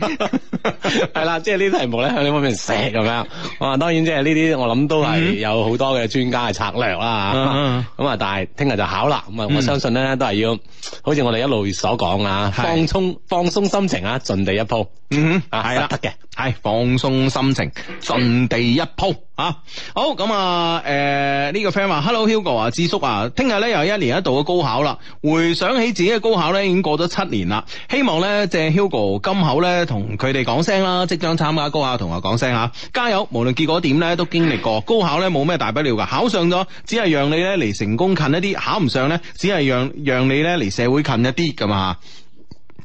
係 啦， 即係呢啲題目咧向你方面寫咁樣。我、啊、當然即係呢啲，我諗都係有好多嘅專家嘅策略啦、啊、咁啊，但係聽日就考啦。咁啊，我相信咧都係要，好似我哋一路所講啊、mm hmm.，放鬆放鬆心情啊，盡地一鋪。嗯哼，係啦，得嘅，係放鬆心情，盡地一鋪。啊，好咁啊，誒、呃，呢、這個 friend 話，Hello Hugo 啊，智叔啊，聽日呢又一年一度嘅高考啦。回想起自己嘅高考呢已經過咗七年啦。希望呢借 Hugo 今後呢同佢哋講聲啦，即將參加高考同學講聲吓，加油！無論結果點呢都經歷過高考呢冇咩大不了噶。考上咗，只係讓你呢離成功近一啲；考唔上呢，只係讓讓你呢離社會近一啲噶嘛。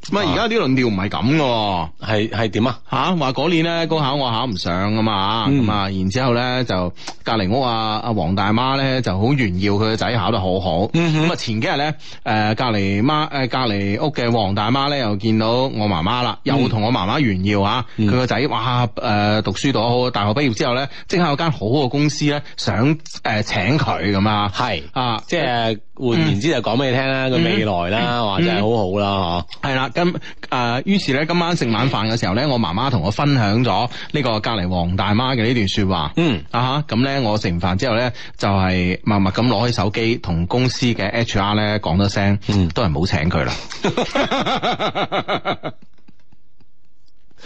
唔係而家啲論調，唔係咁嘅，係係點啊？吓話嗰年咧高考我考唔上啊嘛，咁啊，然之後咧就隔籬屋啊阿黃大媽咧就好炫耀佢個仔考得好好。咁啊前幾日咧誒，隔籬媽誒，隔籬屋嘅黃大媽咧又見到我媽媽啦，又同我媽媽炫耀啊佢個仔，哇，誒，讀書讀好，大學畢業之後咧即刻有間好好嘅公司咧想誒請佢咁啊，係啊即係。換言之就講俾你聽啦，個、嗯、未來啦、嗯、或者係好好啦嗬。係啦、嗯，咁誒、啊，於是咧今晚食晚飯嘅時候咧，我媽媽同我分享咗呢個隔籬黃大媽嘅呢段說話。嗯。啊哈，咁咧我食完飯之後咧就係默默咁攞起手機同公司嘅 HR 咧講咗聲，都係唔好請佢啦。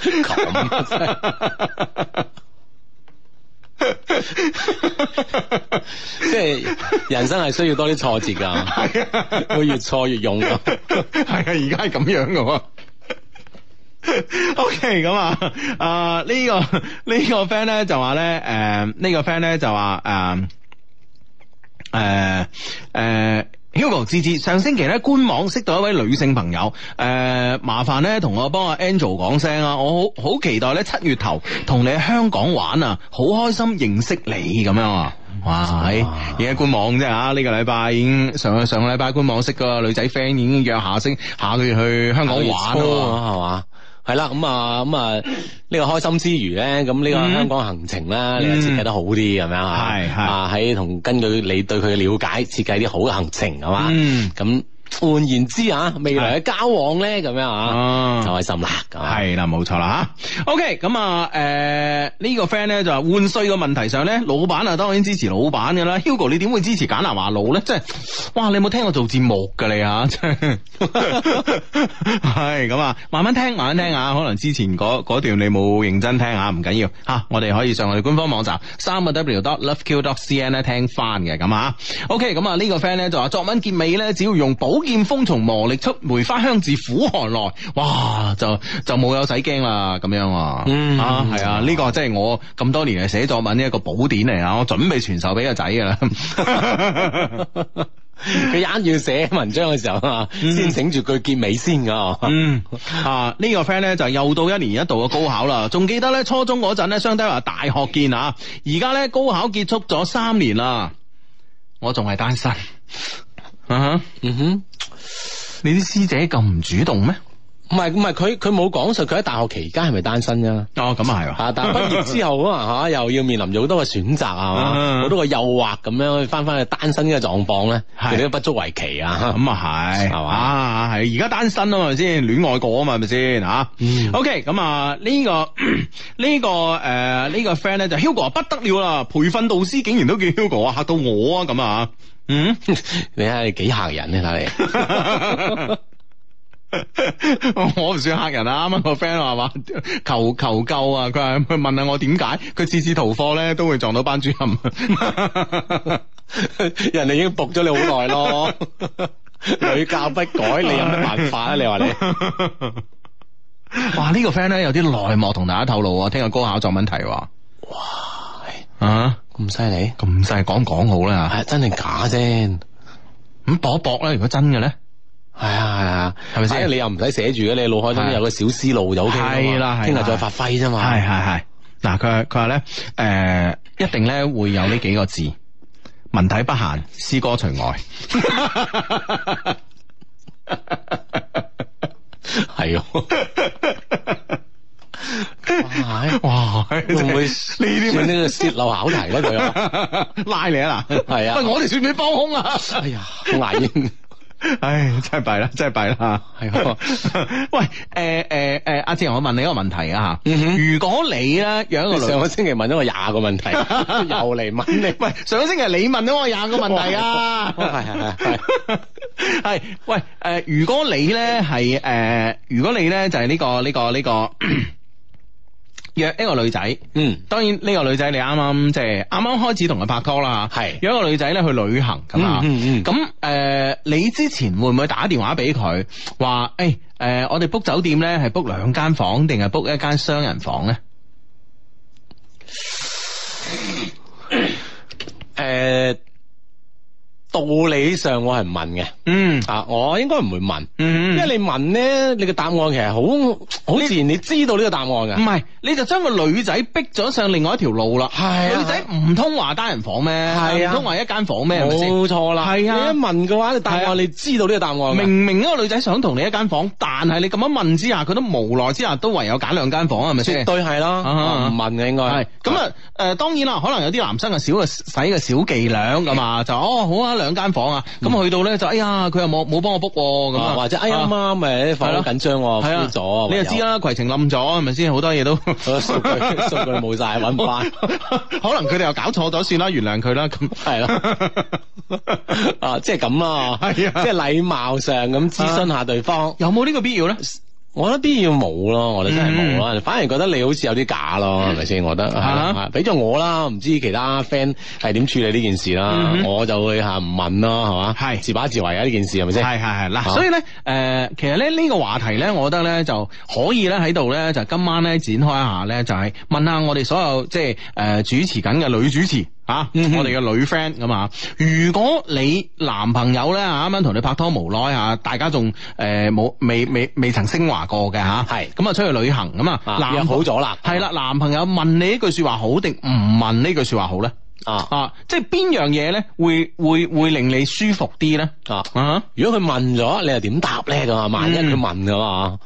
嗯 即係人生係需要多啲挫折噶，會 越挫越勇。係、 okay，啊，而家係咁樣噶。OK，咁啊，啊、這個、呢、呢、呃這個呢個 friend 咧就話咧，誒呢個 friend 咧就話誒誒誒。呃呃呃 Hugo 智智，上星期咧官網識到一位女性朋友，誒、呃、麻煩咧同我幫阿 Angel 講聲啊，我好好期待咧七月頭同你喺香港玩啊，好開心認識你咁樣啊，嗯、哇，喺而家官網啫吓，呢、這個禮拜已經上上個禮拜官網識個女仔 friend，已經約下星，下個月去香港玩啊，係嘛？係啦，咁啊，咁、嗯、啊，呢個開心之餘咧，咁呢個香港行程啦，你又設計得好啲咁樣啊，啊喺同根據你對佢嘅瞭解設計啲好嘅行程，係嘛、嗯？咁。換言之啊，未來嘅交往咧，咁、okay, 樣啊，開心啦，係、這、啦、個，冇錯啦，吓，OK，咁啊，誒，呢個 friend 咧就話換歲嘅問題上咧，老闆啊，當然支持老闆噶啦，Hugo，你點會支持簡南華路咧？即係，哇，你有冇聽我做節目噶你吓、啊？即 係， 係咁啊，慢慢聽，慢慢聽啊，可能之前嗰段你冇認真聽下，唔緊要，吓、啊，我哋可以上我哋官方網站，三個 w dot loveq dot cn 咧聽翻嘅，咁啊，OK，咁啊，呢、okay, 啊這個 friend 咧就話作文結尾咧，只要用保。劍鋒從磨礪出，梅花香自苦寒來。哇，就就冇有使驚啦，咁樣、嗯、啊，係啊，呢個即係我咁多年嚟寫作文呢一個寶典嚟啊！我準備傳授俾個仔噶啦，佢硬要寫文章嘅時候啊，嗯、先整住佢結尾先噶。 嗯啊，這個、呢個 friend 咧就是、又到一年一度嘅高考啦，仲記得咧初中嗰陣咧，相等於話大學見啊，而家咧高考結束咗三年啦，我仲係單身。 啊哼，嗯哼，你啲師姐咁唔主動咩？唔係唔係，佢佢冇講述佢喺大學期間係咪單身啫？哦，咁啊係，吓、啊、但係畢業之後 啊吓，又要面臨咗好多嘅選擇啊，好多嘅誘惑咁樣翻翻去單身嘅狀況咧，係是都不足為奇 啊，咁啊係，係嘛，係而家單身啊嘛，先戀愛過是是、嗯、okay，啊嘛，係咪先吓？OK，咁啊呢個呢個誒呢個 friend 咧就 Hugo 不得了啦，培訓導師竟然都叫 Hugo 啊，嚇到我啊咁啊嗯，你係幾嚇人咧，睇你，我唔算嚇人啊，啱啱個 friend 話話， 啊、剛剛求求救啊！佢話佢問下我點解佢次次逃課咧都會撞到班主任， 人哋已經讀咗你好耐咯，屢 教不改，你有咩辦法啊？你話你？ 哇！呢、這個 friend 咧有啲內幕同大家透露 啊，聽日高考作文題哇！啊？咁犀利，咁犀利，講講好啦吓，係真定假先？咁搏一搏啦，如果真嘅咧，係啊係啊，係咪先？你又唔使寫住嘅，你腦海中有個小思路就 OK 啦，聽日再發揮啫嘛。係係係，嗱，佢佢話咧，誒，一定咧會有呢幾個字，文體不限，詩歌除外。係哦。係 哇，仲會呢啲咪呢個泄漏考題咯？佢拉 你了 啊，係啊，喂，我哋算唔算幫凶啊？哎呀，好牙煙，唉、 哎，真係弊啦，真係弊啦，係。 喂，誒誒誒，阿、欸、志、啊，我問你一個問題啊。嗯哼如果你咧養個上個星期問咗我廿個問題， 又嚟問。你！喂， 上個星期你問咗我廿個問題啊？係係係係。係、 哎哎哎、喂，誒、呃呃，如果你咧係誒，如果你咧就係呢個呢個呢個。 約一個女仔，嗯，當然呢個女仔你啱啱即係啱啱開始同佢拍拖啦吓，係是約一個女仔咧去旅行咁啊，咁誒、嗯嗯嗯呃，你之前會唔會打電話俾佢話誒誒，我哋 book 酒店呢，係 book 兩間房定係 book 一間雙人房呢？」護理上我係唔問嘅，嗯啊，我應該唔會問，嗯，因為你問呢，你嘅答案其實好好自然，你知道呢個答案嘅。唔係，你就將個女仔逼咗上另外一條路啦。係，女仔唔通話單人房咩？係啊，唔通話一間房咩？冇錯啦。係啊，你一問嘅話，你答案你知道呢個答案。明明嗰個女仔想同你一間房，但係你咁樣問之下，佢都無奈之下都唯有揀兩間房，係咪先？絕對係咯，唔問嘅應該係。咁啊，誒當然啦，可能有啲男生啊，小嘅使個小伎倆咁嘛，就哦好啊兩，間房啊，咁、嗯、去到咧就哎呀，佢又冇冇幫我 book 咁、啊、或者哎呀媽咪快房緊張 book 咗，你就知啦，攜程冧咗係咪先？好多嘢都數 據數據冇晒，揾唔翻， 可能佢哋又搞錯咗，算啦，原諒佢啦，咁係咯， 啊，即係咁咯，係啊，即係禮貌上咁諮詢下對方，啊、有冇呢個必要咧？我覺得啲要冇咯，我哋真係冇咯，反而覺得你好似有啲假咯，係咪先？我覺得係啦，俾咗我啦，唔知其他 friend 係點處理呢件事啦，我就會嚇唔問咯，係嘛？係自把自為啊！呢件事係咪先？係係係，嗱，所以咧誒，其實咧呢個話題咧，我覺得咧就可以咧喺度咧，就今晚咧展開一下咧，就係問下我哋所有即係誒主持緊嘅女主持。吓，啊嗯、哼我哋嘅女 friend 咁啊，如果你男朋友咧啱啱同你拍拖無，無耐吓，大家仲誒冇未未未曾升華過嘅吓，係、啊，咁啊是出去旅行咁啊，啊男人好咗啦，係啦、啊，男朋友問你一句說話好定唔問呢句說話好咧？啊啊！即係邊樣嘢咧會會會令你舒服啲咧啊！如果佢問咗，你又點答咧咁啊？萬一佢問噶嘛，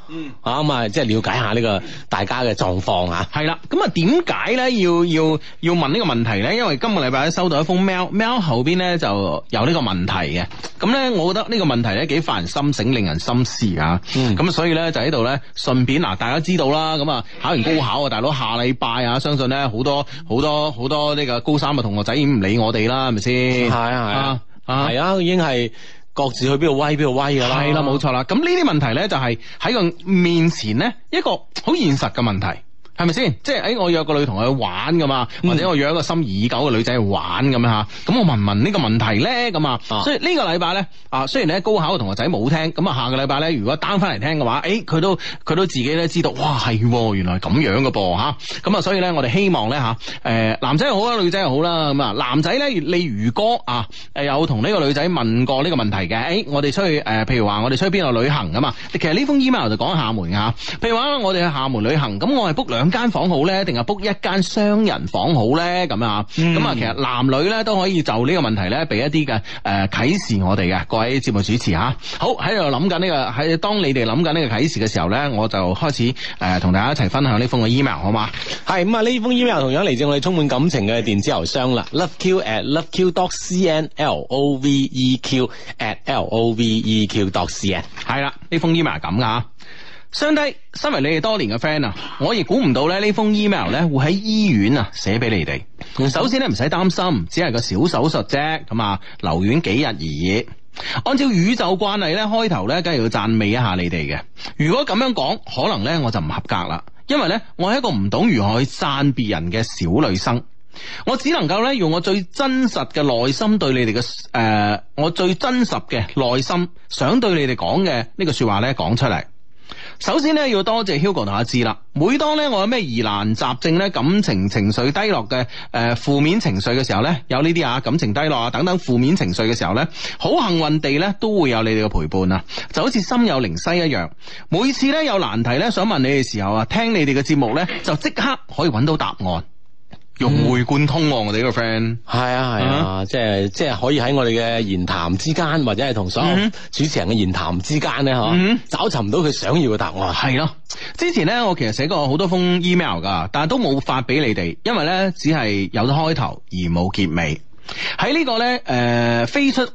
啊咁啊，即係了解下呢個大家嘅狀況啊。係啦，咁、嗯、啊，點解咧要要要問呢個問題咧？因為今個禮拜咧收到一封 mail，mail mail 後邊咧就有呢個問題嘅。咁咧，我覺得呢個問題咧幾發人心醒，令人心思啊。咁、嗯嗯、所以咧就喺度咧，順便嗱，大家知道啦。咁啊，考完高考啊，大佬下禮拜啊，相信咧好多好多好多呢個高三嘅同同學仔已經唔理我哋啦，係咪先？係啊係啊，係啊，已經係各自去邊度威邊度威噶啦。係、啊嗯、啦，冇錯啦。咁呢啲問題咧，就係喺個面前咧，一個好現實嘅問題。係咪先？即係誒、欸，我約個女同佢去玩噶嘛，或者我約一個心儀已久嘅女仔去玩咁啊吓。咁我問唔問呢個問題咧？咁啊，啊、嗯欸、啊，啊，所以呢個禮拜咧啊，雖然你喺高考嘅同學仔冇聽，咁啊下個禮拜咧，如果單翻嚟聽嘅話，誒，佢都佢都自己咧知道，哇，係，原來咁樣嘅噃吓。咁啊，所以咧，我哋希望咧吓，誒，男仔又好啦，女仔又好啦。咁啊，男仔咧，你、嗯、如果啊，有同呢個女仔問過呢個問題嘅，誒、欸，我哋出去誒、呃，譬如話我哋出去邊度旅行噶嘛？其實呢封 email 就講廈門吓。譬如話我哋去廈門旅行，咁我係 book 兩間房好呢？定係 book 一間雙人房好呢？咁啊、嗯，咁啊，其實男女呢都可以就呢個問題呢俾一啲嘅誒啟示我哋嘅，各位節目主持吓、啊。好喺度諗緊呢個，喺當你哋諗緊呢個啟示嘅時候呢，我就開始誒同、呃、大家一齊分享呢封嘅 email 好嗎？係咁啊，呢封 email 同樣嚟自我哋充滿感情嘅電子郵箱啦，loveq at loveq dot cn，l o v e q at l o v e q dot cn。係啦，呢、e e e、封 email 咁噶相低，身為你哋多年嘅 friend 啊，我亦估唔到咧呢封 email 咧會喺醫院啊寫俾你哋。首先咧唔使擔心，只係個小手術啫，咁啊留院幾日而已。按照宇宙慣例咧，開頭咧梗係要讚美一下你哋嘅。如果咁樣講，可能咧我就唔合格啦，因為咧我係一個唔懂如何去讚別人嘅小女生，我只能夠咧用我最真實嘅內心對你哋嘅誒，我最真實嘅內心想對你哋講嘅呢個說話咧講出嚟。首先咧，要多謝 Hugo 同阿志啦。每當咧我有咩疑難雜症咧、感情情緒低落嘅誒負面情緒嘅時候咧，有呢啲啊感情低落啊等等負面情緒嘅時候咧，好幸運地咧都會有你哋嘅陪伴啊，就好似心有靈犀一樣。每次咧有難題咧想問你嘅時候啊，聽你哋嘅節目咧就即刻可以揾到答案。融會貫通喎、啊，我哋呢個 friend 係啊係啊，啊 uh huh. 即係即係可以喺我哋嘅言談之間，或者係同所有主持人嘅言談之間咧，嗬、uh huh. 啊，找尋唔到佢想要嘅答案。係咯、啊，之前咧我其實寫過好多封 email 噶，但係都冇發俾你哋，因為咧只係有咗開頭而冇結尾。喺呢、呃呃、個咧，誒，飛出誒，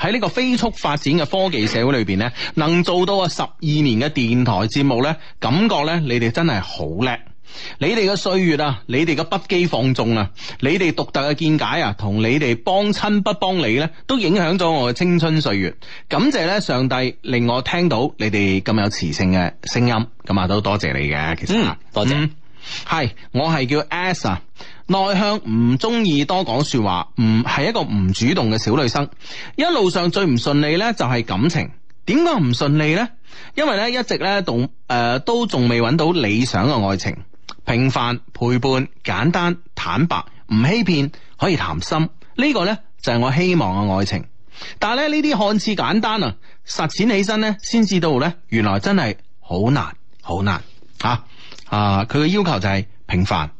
喺呢個飛速發展嘅科技社會裏邊咧，能做到啊十二年嘅電台節目咧，感覺咧你哋真係好叻。你哋嘅歲月啊，你哋嘅不羈放縱啊，你哋獨特嘅見解啊，同你哋幫親不幫你呢、啊，都影響咗我嘅青春歲月。感謝呢上帝令我聽到你哋咁有磁性嘅聲音，咁啊都多謝你嘅，其實謝、嗯、多謝。係、嗯、我係叫 S 啊，內向唔中意多講說話，唔係一個唔主動嘅小女生。一路上最唔順利呢，就係感情。點解唔順利呢？因為呢，一直呢，仲誒都仲未揾到理想嘅愛情。平凡、陪伴、簡單、坦白、唔欺騙、可以談心呢、呢個呢，就係、是、我希望嘅愛情，但係咧呢啲看似簡單啊，實踐起身呢，先知道呢，原來真係好難好難吓啊！佢、呃、嘅要求就係平凡、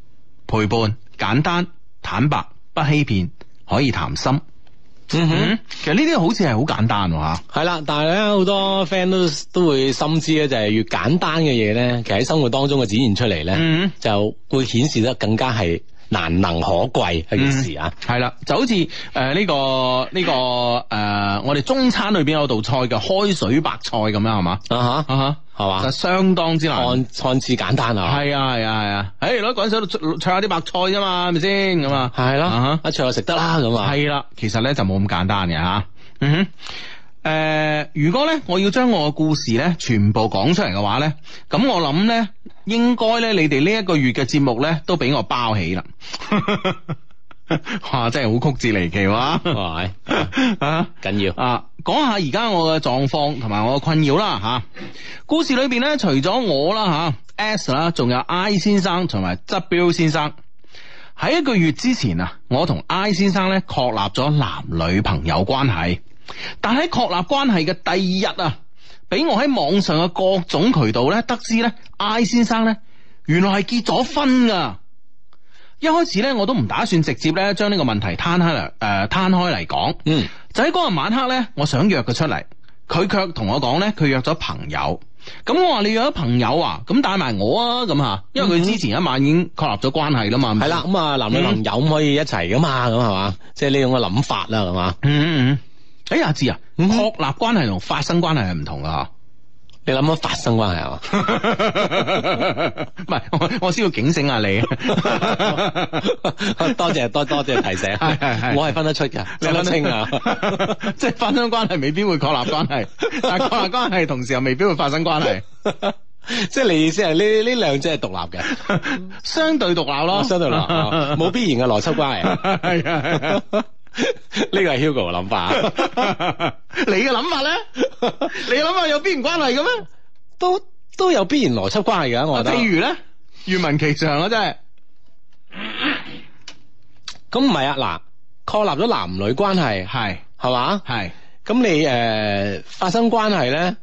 陪伴、簡單、坦白、不欺騙、可以談心。嗯哼，其實呢啲好似係好簡單吓，係啦，但係咧好多 friend 都都會深知咧，就係越簡單嘅嘢咧，其實喺生活當中嘅展現出嚟咧，嗯、哼就會顯示得更加係難能可貴一件事啊。係啦、嗯，就好似誒呢個呢個誒我哋中餐裏邊有道菜叫開水白菜咁樣係嘛？啊哈啊哈。係嘛？就相當之難，看，看似簡單啊！係啊，係啊，係啊！誒、哎，攞嗰陣時唱,唱下啲白菜啫嘛，係咪先？咁啊，係咯，一唱就食得啦，咁啊！係啦、啊，其實咧就冇咁簡單嘅嚇、啊。嗯哼，誒、呃，如果咧我要將我嘅故事咧全部講出嚟嘅話咧，咁我諗咧應該咧你哋呢一個月嘅節目咧都俾我包起啦。 哇！真係好曲折離奇哇！係 啊，緊要啊，講下而家我嘅狀況同埋我嘅困擾啦吓。故事裏邊咧，除咗我啦吓，啊，S 啦、啊，仲有 I 先生同埋 W 先生。喺一個月之前啊，我同 I 先生咧確立咗男女朋友關係，但喺確立關係嘅第二日啊，俾我喺網上嘅各種渠道咧得知咧，I 先生咧原來係結咗婚噶。一開始咧，我都唔打算直接咧將呢個問題攤開嚟，誒攤開嚟講。嗯，就喺嗰日晚黑咧，我想約佢出嚟，佢卻同我講咧，佢約咗朋友。咁我話，你約咗朋友啊，咁帶埋我啊，咁吓，因為佢之前一晚已經確立咗關係啦嘛。係啦，咁啊男女朋友咁可以一齊噶嘛，咁係嘛，即係你用個諗法啦，係嘛。嗯嗯嗯。誒，阿志啊，確立關係同發生關係係唔同噶你諗發生關係啊？唔 係， 我我先要警醒下、啊、你。 多謝多多謝提醒，係係係，我係分得出嘅，你分得， 得清啊！ 即係發生關係未必會確立關係，但係確立關係同時又未必會發生關係。 即係你意思係呢呢兩者係獨立嘅， 相對獨立咯， 相對立，冇、哦、必然嘅邏輯關係。係 啊、 哎。哎呢個係 Hugo 嘅諗法， 你嘅諗法咧， 你諗法有必然關係嘅咩？都都有必然邏輯關係嘅，我覺得我。譬如咧，願聞其詳啊，真係。咁唔係啊，嗱，確立咗男女關係，係係嘛，係吧。咁是你誒、呃、發生關係咧？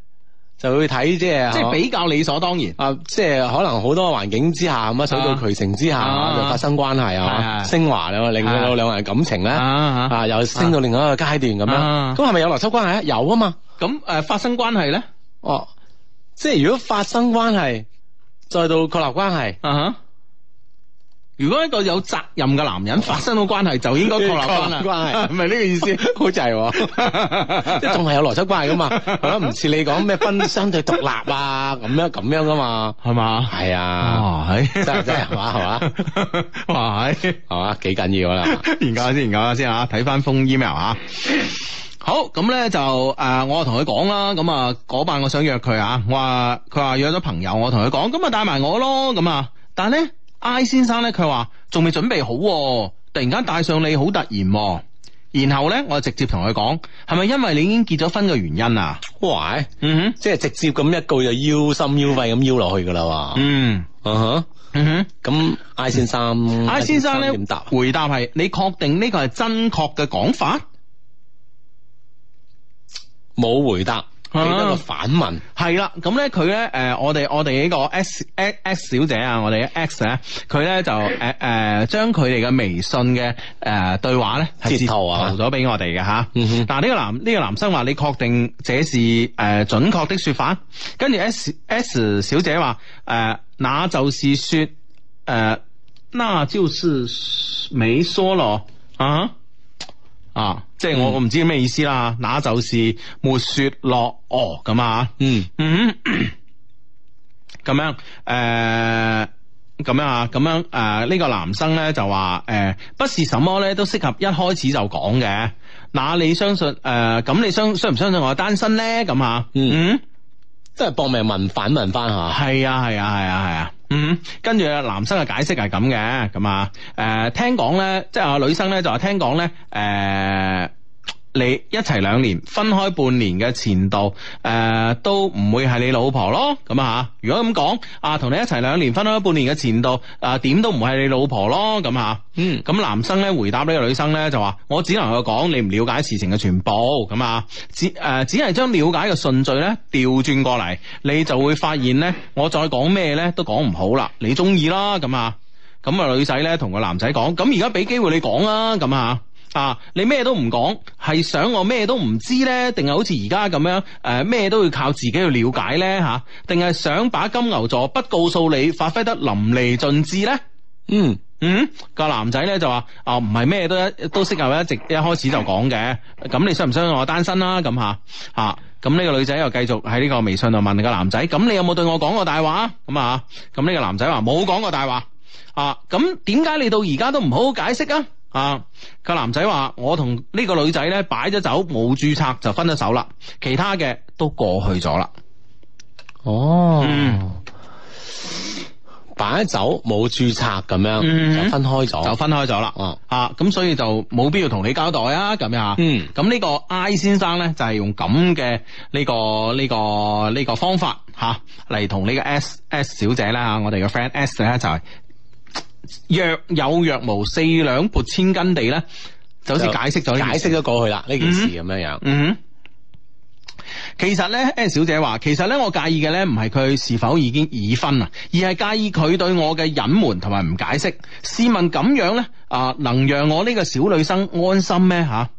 就會睇即係，即係比較理所當然。啊，即係可能好多環境之下，咁啊水到渠成之下就、啊、發生關係啊，啊升華啦，令到兩個人感情咧，啊、啊又升到另外一個階段咁樣。咁係咪有邏輯關係啊？是是有啊嘛。咁誒、啊、發生關係咧，哦，即係如果發生關係，再到確立關係、啊，啊哈。如果一個有責任嘅男人發生咗關係，就應該確立，立關係，唔係呢個意思？好滯，即係仲係有邏輯關係噶嘛？唔似你講咩分相對獨立啊，咁樣咁樣噶嘛？係嘛吧？係啊，係真係真係，係嘛？係嘛？哇！係係嘛？幾緊要啊啦！研究下先，研究下先吓，睇翻封 email 吓。好，咁咧就誒，我同佢講啦。咁啊，嗰班我想約佢啊。我話佢話約咗朋友，我同佢講，咁啊帶埋我咯。咁啊，但係咧。I 先生咧，佢話仲未準備好、啊，突然間戴上你好突然、啊，然後咧，我就直接同佢講，係咪因為你已經結咗婚嘅原因啊？哇，嗯哼，即係直接咁一句就腰心腰肺咁腰落去噶啦，哇，嗯，啊、uh huh 嗯、哼，咁 I 先生、嗯、I 先生咧，回答係你確定呢個係真確嘅講法？冇回答。俾咗個反問，係啦、啊，咁咧佢咧誒，我哋我哋呢個 S x 小姐 S,、呃呃、啊，我哋嘅 X 咧，佢咧就誒誒將佢哋嘅微信嘅誒對話咧截圖啊，留咗俾我哋嘅。但嗱呢個男呢、這個男生話：你確定這是誒、呃、準確的説法？跟住 S S 小姐話誒，那就是説誒，那就是沒說咯啊！啊，即係我我唔知咩意思啦，嗯、那就是沒雪落哦。咁啊，嗯嗯，咁、嗯、樣誒，咁、呃、樣啊，咁樣誒，呢、這個男生咧就話誒、呃，不是什麼咧都適合一開始就講嘅，那你相信誒，咁、呃、你相相唔相信我單身咧？咁啊，嗯，即係搏命問反問翻吓，係啊係啊係啊係啊。嗯，跟住啊，男生嘅解釋係咁嘅，咁啊，誒、呃，聽講咧，即係啊女生咧就話聽講咧，誒、呃。你一齊兩年分開半年嘅前度，誒、呃、都唔會係你老婆咯，咁啊，如果咁講啊，同你一齊兩年分開半年嘅前度，誒、呃、點都唔會係你老婆咯，咁啊，嗯，咁男生咧回答呢個女生咧就話：我只能講你唔了解事情嘅全部，咁啊，只誒、呃、只係將了解嘅順序咧調轉過嚟，你就會發現咧，我再講咩咧都講唔好啦，你中意啦，咁啊，咁啊女仔咧同個男仔講，咁而家俾機會你講啦，咁啊。啊！你咩都唔講，係想我咩都唔知呢？定係好似而家咁樣誒，咩、呃、都要靠自己去了解呢？吓、啊？定係想把金牛座不告訴你，發揮得淋漓盡致呢？嗯嗯，個男仔呢就話啊，唔係咩都一都適合一直一開始就講嘅。咁、啊啊、你相唔相信我單身啦、啊？咁吓吓，咁、啊、呢個女仔又繼續喺呢個微信度問個男仔：咁、啊、你有冇對我講過大話？咁啊，咁呢個男仔話冇講過大話啊。咁點解你到而家都唔好好解釋啊？啊！那個男仔話：我同呢個女仔咧擺咗酒冇注冊就分咗手啦，其他嘅都過去咗啦。哦，擺酒冇注冊咁樣、嗯、就分開咗，嗯、就分開咗啦。啊咁、啊、所以就冇必要同你交代啊。咁樣啊，咁呢、嗯、個 I 先生呢，就係、是、用咁嘅呢個呢、呢個呢、呢個方法吓嚟同呢個 S S 小姐啦。吓，我哋個 friend S 咧就係、是。若有若無，四兩撥千斤地呢，就好似解釋咗，解釋咗過去啦呢、嗯、哼件事咁樣樣。嗯，其實呢，A 小姐話，其實呢，實我介意嘅呢，唔係佢是否已經已婚啊，而係介意佢對我嘅隱瞞同埋唔解釋。試問咁樣呢，啊，能讓我呢個小女生安心咩？吓？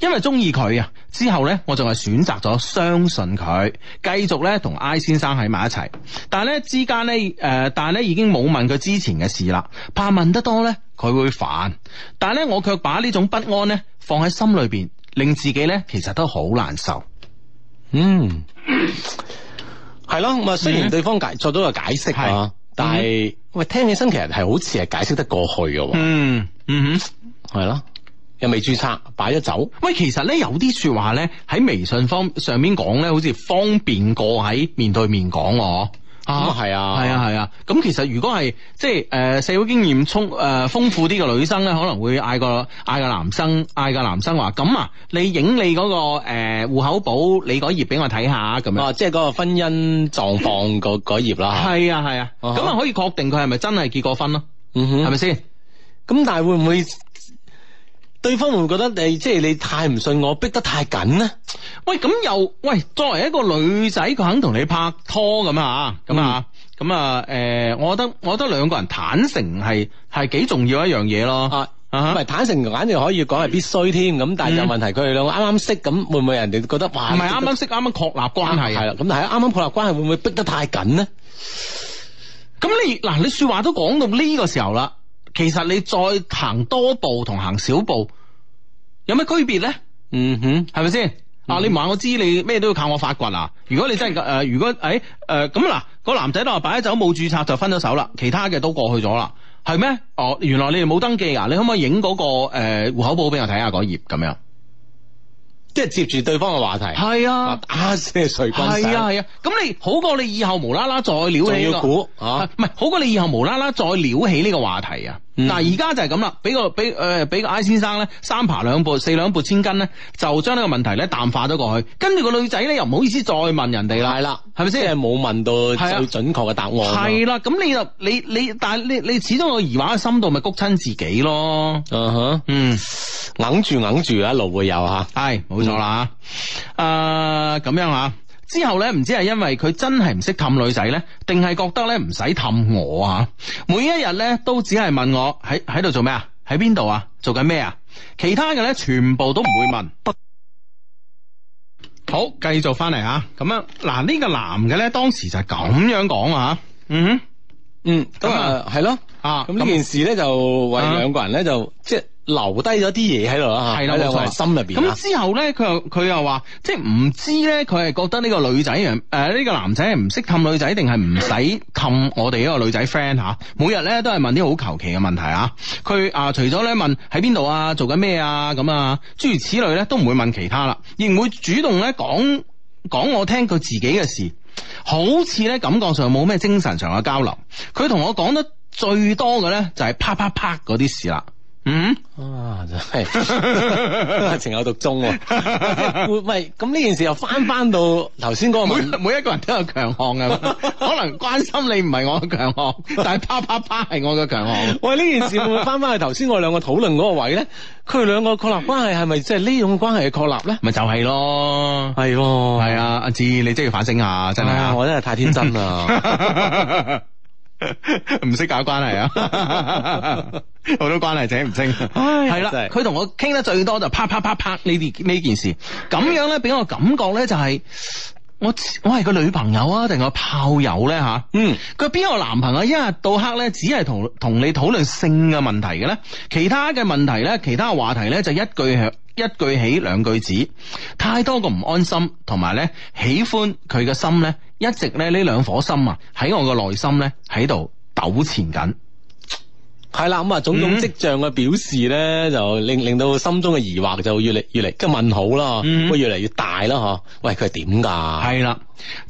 因為中意佢啊，之後呢，我就係選擇咗相信佢，繼續呢，同 I 先生喺埋一齊。但係咧之間呢，誒、呃，但係咧已經冇問佢之前嘅事啦，怕問得多呢，佢會煩。但係咧，我卻把呢種不安呢，放喺心裏邊，令自己呢其實都好難受。嗯，係咯。 咁雖然對方解作咗個解釋啊，但係喂聽起身其實係好似係解釋得過去嘅。嗯，嗯哼，係咯。又未註冊，擺咗走。喂，其實咧有啲說話咧喺微信方上面講咧，好似方便過喺面對面講喎。吓，係啊，係啊，係啊。咁其實如果係即係誒，社會經驗充誒豐富啲嘅女生咧，可能會嗌個嗌個男生，嗌個男生話：，咁啊，你影你嗰個誒戶口簿，你嗰頁俾我睇下，咁樣。哦，即係嗰個婚姻狀況嗰頁啦。係啊，係啊。咁啊，可以確定佢係咪真係結過婚咯？嗯哼，係咪先？咁但係會唔會？對方會唔會覺得你即係你太唔信我，逼得太緊呢？喂，咁又喂，作為一個女仔，佢肯同你拍拖咁啊？咁啊，咁啊，誒，我覺得我覺得兩個人坦誠係係幾重要一樣嘢咯。啊唔係坦誠，簡直可以講係必須添。咁但係有問題，佢哋兩個啱啱識，咁會唔會人哋覺得？唔係啱啱識，啱啱確立關係。係啦，咁但係啱啱確立關係，會唔會逼得太緊呢？咁你嗱，你說話都講到呢個時候啦。其實你再行多步同行少步有咩區別呢？嗯哼，係咪先？嗯、哼啊，你唔話我知，你咩都要靠我發掘啦、啊。如果你真係誒、呃，如果誒誒咁嗱，哎呃啊嗰個男仔都話擺酒冇注冊就分咗手啦，其他嘅都過去咗啦，係咩？哦，原來你哋冇登記啊？你可唔可以影嗰、那個誒戶、呃、口簿俾我睇下嗰頁咁樣、啊？即係接住對方嘅話題，係啊，打蛇隨棍上係啊係啊，咁、啊啊、你好過你以後無啦啦再撩起呢、呢個，仲要估嚇，唔、啊、係好過你以後無啦啦再撩起呢個話題啊！嗱，而家就係咁啦，俾個俾誒俾個 I 先生咧三爬兩撥四兩撥千斤咧，就將呢個問題咧淡化咗過去，跟住個女仔咧又唔好意思再問人哋啦，係啦、啊，係咪先？冇問到最準確嘅答案。係啦、啊，咁、啊、你又你你，你，但係你你，始終個疑話嘅深度咪谷親自己咯。嗯哼、uh，huh, 嗯，揞住揞住一路會有吓、啊，係，冇錯啦吓，誒、嗯，咁、啊、樣吓、啊。之後咧，唔知係因為佢真係唔識氹女仔咧，定係覺得咧唔使氹我啊？每一日咧都只係問我喺喺度做咩啊？喺邊度啊？做緊咩啊？其他嘅咧，全部都唔會問。好，繼續翻嚟啊！咁樣嗱，呢個男嘅咧，當時就係咁樣講啊！嗯哼嗯，咁啊係咯啊！咁呢件事咧就為兩個人咧就即係。留低咗啲嘢喺度啦，喺我心入邊。咁之後呢，佢又佢又話，即係唔知呢，佢係覺得呢個女仔，誒呢個男仔係唔識氹女仔，定係唔使氹我哋呢個女仔 friend 吓？每日呢都係問啲好求其嘅問題啊。佢啊，除咗呢問喺邊度啊，做緊咩啊咁啊，諸如此類呢都唔會問其他啦，亦唔會主動呢講講我聽佢自己嘅事，好似呢感覺上冇咩精神上嘅交流。佢同我講得最多嘅呢，就係啪啪啪嗰啲事啦。嗯，哇，真係情有獨鍾喎。唔 係，咁呢件事又翻翻到頭先嗰個問。每每一個人都有強項嘅，可能關心你唔係我嘅強項， 但係啪啪啪係我嘅強項。喂，呢件事會唔會翻翻去頭先我哋兩個討論嗰個位咧？佢哋兩個確立關係係咪即係呢種關係嘅確立咧？咪就係咯，係、啊，係 啊，阿志你真係要反省下，真係啊、 哎，我真係太天真啦。 唔識 搞關係啊， 好多關係整唔清。係啦，佢唉同的我傾得最多就啪啪啪啪，呢啲呢件事，咁樣咧，俾我感覺咧就係、是。我我係個女朋友啊，定係炮友呢？吓？嗯，佢邊個男朋友一日到黑呢，只係同同你討論性嘅問題嘅呢。其他嘅問題呢，其他話題呢，就一句一句起兩句止，太多個唔安心，同埋呢喜歡佢嘅心呢，一直呢，呢兩顆心啊，喺我嘅內心呢，喺度糾纏緊。係啦，咁啊，種種跡象嘅表示呢，mm hmm. 就令令到心中嘅疑惑就越嚟越嚟，即係問號啦、mm hmm.，喂，越嚟越大啦，吓，喂，佢係點噶？係啦，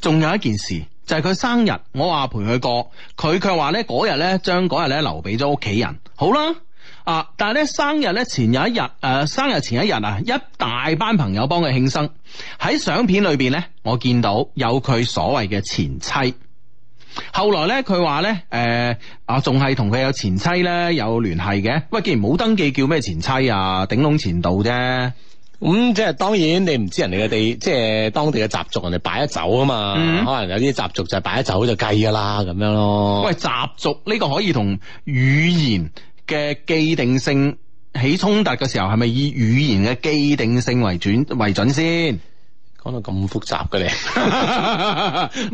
仲有一件事就係、是、佢生日，我話陪佢過，佢卻話呢嗰日呢，將嗰日呢留俾咗屋企人，好啦，啊，但係呢，生日呢，前有一日，誒、呃，生日前一日啊，一大班朋友幫佢慶生，喺相片裏邊呢，我見到有佢所謂嘅前妻。後來呢，佢話呢，誒、欸，啊，仲係同佢有前妻呢，有聯繫嘅，喂，既然冇登記，叫咩前妻啊？頂籠前度啫，咁、嗯、即係當然，你唔知人哋嘅地，即係當地嘅習俗，人哋擺一酒啊嘛，嗯、可能有啲習俗就係擺一酒就計噶啦，咁樣咯。喂，習俗呢個可以同語言嘅既定性起衝突嘅時候，係咪以語言嘅既定性為準為準先？講到咁複雜嘅你，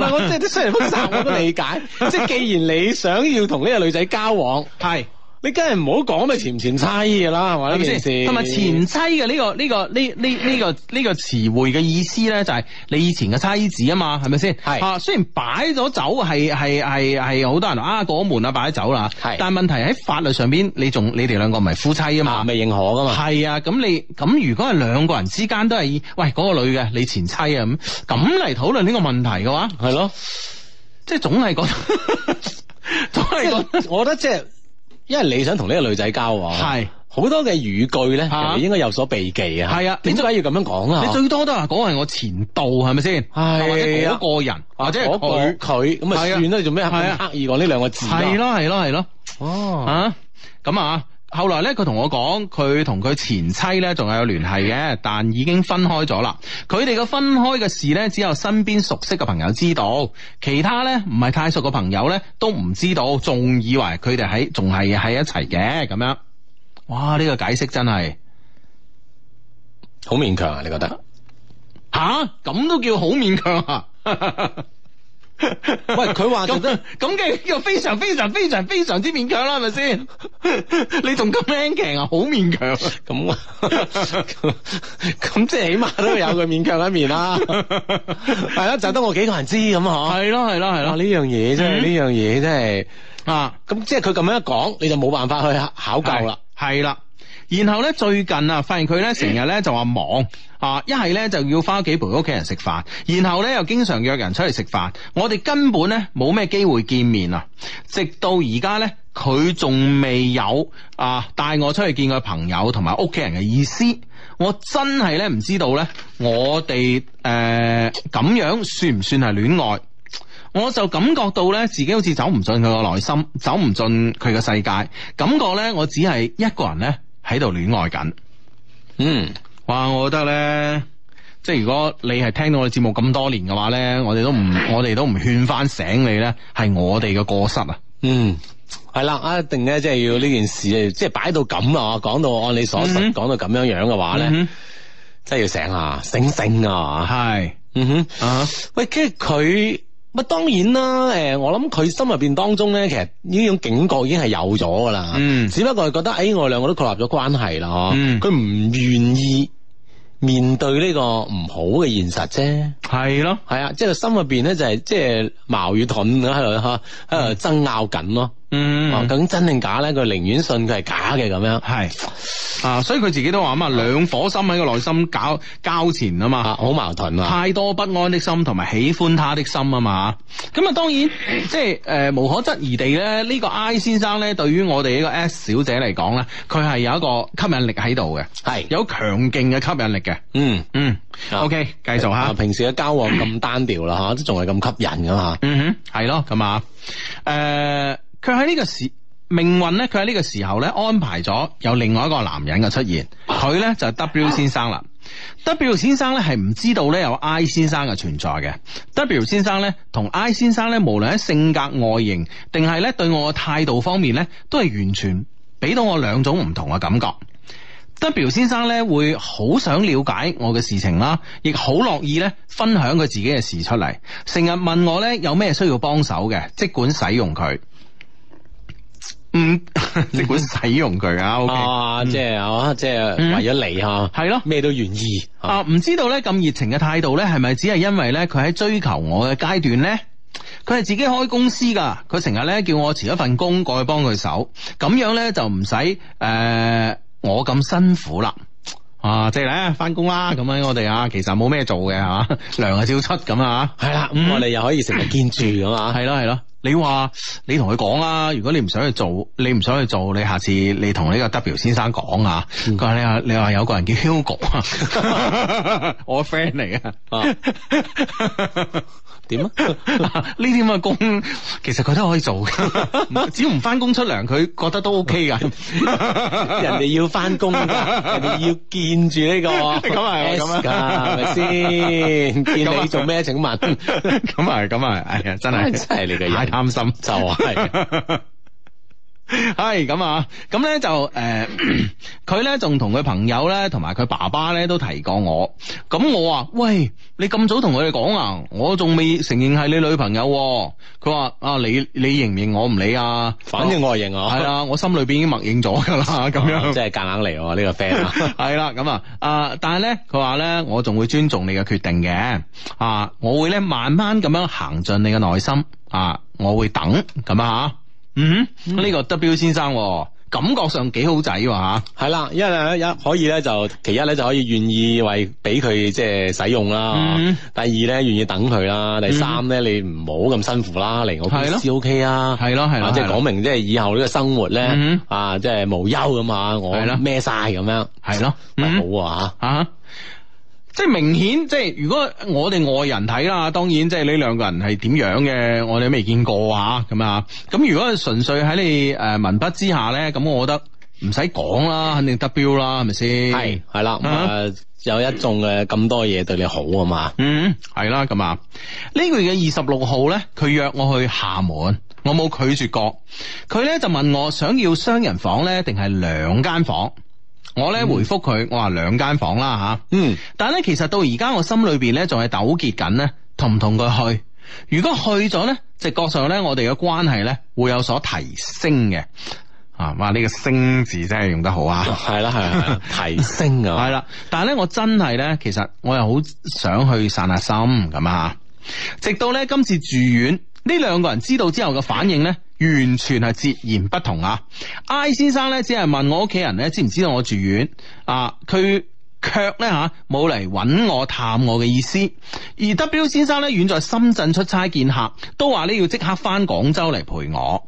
嗱我即係雖然複雜我都理解，即係既然你想要同呢個女仔交往，係。你梗係唔好講，咪前前妻噶啦，係咪先？同埋前妻嘅呢個呢個呢呢呢個呢個詞彙嘅意思咧，就係你以前嘅妻子啊嘛，係咪先？係啊，雖然擺咗酒，係係係係好多人啊過門啊擺咗酒啦，係。但係問題喺法律上邊，你仲你哋兩個唔係夫妻啊嘛，未認可噶嘛。係啊，咁你咁如果係兩個人之間都係喂嗰個女嘅你前妻啊，咁咁嚟討論呢個問題嘅話，係咯，即係總係覺得，總係覺得，我覺得即係。因為你想同呢個女仔交往，係好多嘅語句咧，你應該有所避忌啊。係啊，你點解要咁樣講啊？你最多都係講係我前度，係咪先？係啊，或者嗰個人，或者我句佢，咁啊算啦，你做咩啊？刻意講呢兩個字啊？係咯係咯係咯。哦，啊，咁啊。後來咧，佢同我講，佢同佢前妻咧仲有聯繫嘅，但已經分開咗啦。佢哋嘅分開嘅事咧，只有身邊熟悉嘅朋友知道，其他咧唔係太熟嘅朋友咧都唔知道，仲以為佢哋喺仲係喺一齊嘅咁樣。哇！呢、這個解釋真係好勉強啊！你覺得吓咁、啊、都叫好勉強啊？ 喂，佢話咁咁嘅叫非常非常非常非常之勉強啦，係咪先？你仲咁勉強啊？好勉強，咁啊，咁即係起碼都有佢勉強一面啦。係啦，就得我幾個人知咁嗬？係咯，係咯，係咯。呢樣嘢真係，呢樣嘢真係啊！咁、嗯啊啊、即係佢咁樣一講，你就冇辦法去考究啦。係啦。然後咧，最近啊，發現佢咧成日咧就話忙啊，一係咧就要翻屋企陪屋企人食飯，然後咧又經常約人出嚟食飯。我哋根本咧冇咩機會見面啊。直到而家咧，佢仲未有啊帶我出去見佢朋友同埋屋企人嘅意思。我真係咧唔知道咧，我哋誒咁樣算唔算係戀愛？我就感覺到咧自己好似走唔進佢個內心，走唔進佢個世界，感覺咧我只係一個人咧。喺度戀愛緊，嗯，哇！我覺得咧，即係如果你係聽到我哋節目咁多年嘅話咧，我哋都唔，我哋都唔勸翻醒你咧，係我哋嘅過失啊！嗯，係啦，一定咧，即係要呢件事，即係擺到咁啊，講到按你所述，講、嗯、哼到咁樣樣嘅話咧，真係、嗯、哼要醒啊，醒醒啊，係是，嗯哼，啊、uh，huh. 喂，即係佢。乜當然啦，誒，我諗佢心入邊當中咧，其實呢種警覺已經係有咗噶啦，嗯、只不過係覺得誒，我哋兩個都確立咗關係啦，嗬、嗯，佢唔願意面對呢個唔好嘅現實啫，係咯的，係啊的，即係佢心入邊咧就係、是、即係矛與盾喺度吓，喺度、嗯、爭拗緊咯。嗯，哦，究竟真定假咧？佢寧願信佢係假嘅咁樣，係啊，所以佢自己都話咁啊，兩顆心喺個內心搞交纏啊嘛，好矛盾啊！太多不安的心同埋喜歡他的心啊嘛，咁啊，當然即係誒，無可質疑地咧，呢個 I 先生咧，對於我哋呢個 S 小姐嚟講咧，佢係有一個吸引力喺度嘅，係有強勁嘅吸引力嘅，嗯嗯，OK，繼續吓，平時嘅交往咁單調啦，吓，都仲係咁吸引噶嘛，嗯哼，係咯，咁啊，誒。佢喺呢個時命運咧，佢喺呢個時候咧安排咗有另外一個男人嘅出現。佢咧就係 W 先生啦。W 先生咧係唔知道咧有 I 先生嘅存在嘅。W 先生咧同 I 先生咧，無論喺性格、外形，定係咧對我嘅態度方面咧，都係完全俾到我兩種唔同嘅感覺。W 先生咧會好想了解我嘅事情啦，亦好樂意咧分享佢自己嘅事出嚟，成日問我咧有咩需要幫手嘅，即管使用佢。嗯，即管使用佢、okay、啊，即係啊，即係為咗你啊，係咯，咩都願意啊。唔知道咧咁熱情嘅態度咧，係咪只係因為咧佢喺追求我嘅階段咧？佢係自己開公司噶，佢成日咧叫我辭一份工過去幫佢手，咁樣咧就唔使誒我咁辛苦啦。啊，即係嚟翻工啦，咁樣我哋啊，其實冇咩做嘅吓，糧啊照出咁啊，係啦，我哋又可以成日見住咁啊，係咯係咯。你話你同佢講啦，如果你唔想去做，你唔想去做，你下次你同呢個 W 先生講啊，佢話、嗯、你話你話有個人叫 Hugo 啊，我 friend 嚟啊。點 啊？嗱，呢啲咁嘅工，其實佢 都可以做嘅，只 要唔翻工出糧，佢覺得都 OK 噶。人哋要翻工，人哋要見住呢個咁啊咁啊，係咪先？見你做咩？請問？咁啊咁啊，哎呀，真係、啊、真係你嘅太貪心 就係、是。啊係咁啊，咁咧就誒，佢咧仲同佢朋友咧，同埋佢爸爸咧都提過我。咁我話，喂，你咁早同佢哋講啊，我仲未承認係你女朋友啊。佢話啊，你你認唔認我唔理啊，反正我係認我啊。係啊，我心裏邊已經默認咗噶啦，咁樣。即係夾硬嚟喎，呢個 friend。係啦，咁啊，啊，這個， 啊，但係咧，佢話咧，我仲會尊重你嘅決定嘅。啊，我會咧慢慢咁樣行進你嘅內心。啊，我會等咁啊。嗯，呢、mm hmm. 個 W 先生，哦，感覺上幾好仔喎嚇。係、啊、啦，一係一,一可以咧就，其一咧就可以願意為俾佢即係使用啦。Mm hmm. 第二咧願意等佢啦，第三咧、mm hmm. 你唔好咁辛苦啦，嚟我公司 O K 啊。係咯，係啦，即係講明即係以後呢個生活咧、mm hmm. 啊，即、就、係、是、無憂咁吓，我孭晒咁樣。係咯，好啊嚇。Uh huh. 即係明顯，即係如果我哋外人睇啦，當然即係呢兩個人係點樣嘅，我哋未見過啊，咁啊，咁如果純粹喺你誒、呃、文筆之下呢，咁我覺得唔使講啦，肯定得標啦，係咪先？係係啦，啊、有一眾嘅咁多嘢對你好啊嘛。嗯，係啦，咁啊。呢、這個月嘅二十六號呢，佢約我去廈門，我冇拒絕過。佢呢就問我想要雙人房呢，定係兩間房？我咧回覆佢，我話兩間房啦吓，啊、嗯，但係咧其實到而家我心裏邊咧仲係糾結緊咧，同唔同佢去？如果去咗咧，直覺上咧我哋嘅關係咧會有所提升嘅，啊，哇，呢、這個升字真係用得好啊，係啦係啦，提升啊，係啦，但係咧我真係咧，其實我又好想去散下心咁啊，直到咧今次住院。呢兩個人知道之後嘅反應咧，完全係截然不同啊！I 先生咧，只係問我屋企人咧知唔知道我住院，啊，佢卻咧吓冇嚟揾我探我嘅意思。而 W 先生咧遠在深圳出差見客，都話咧要即刻返廣州嚟陪我。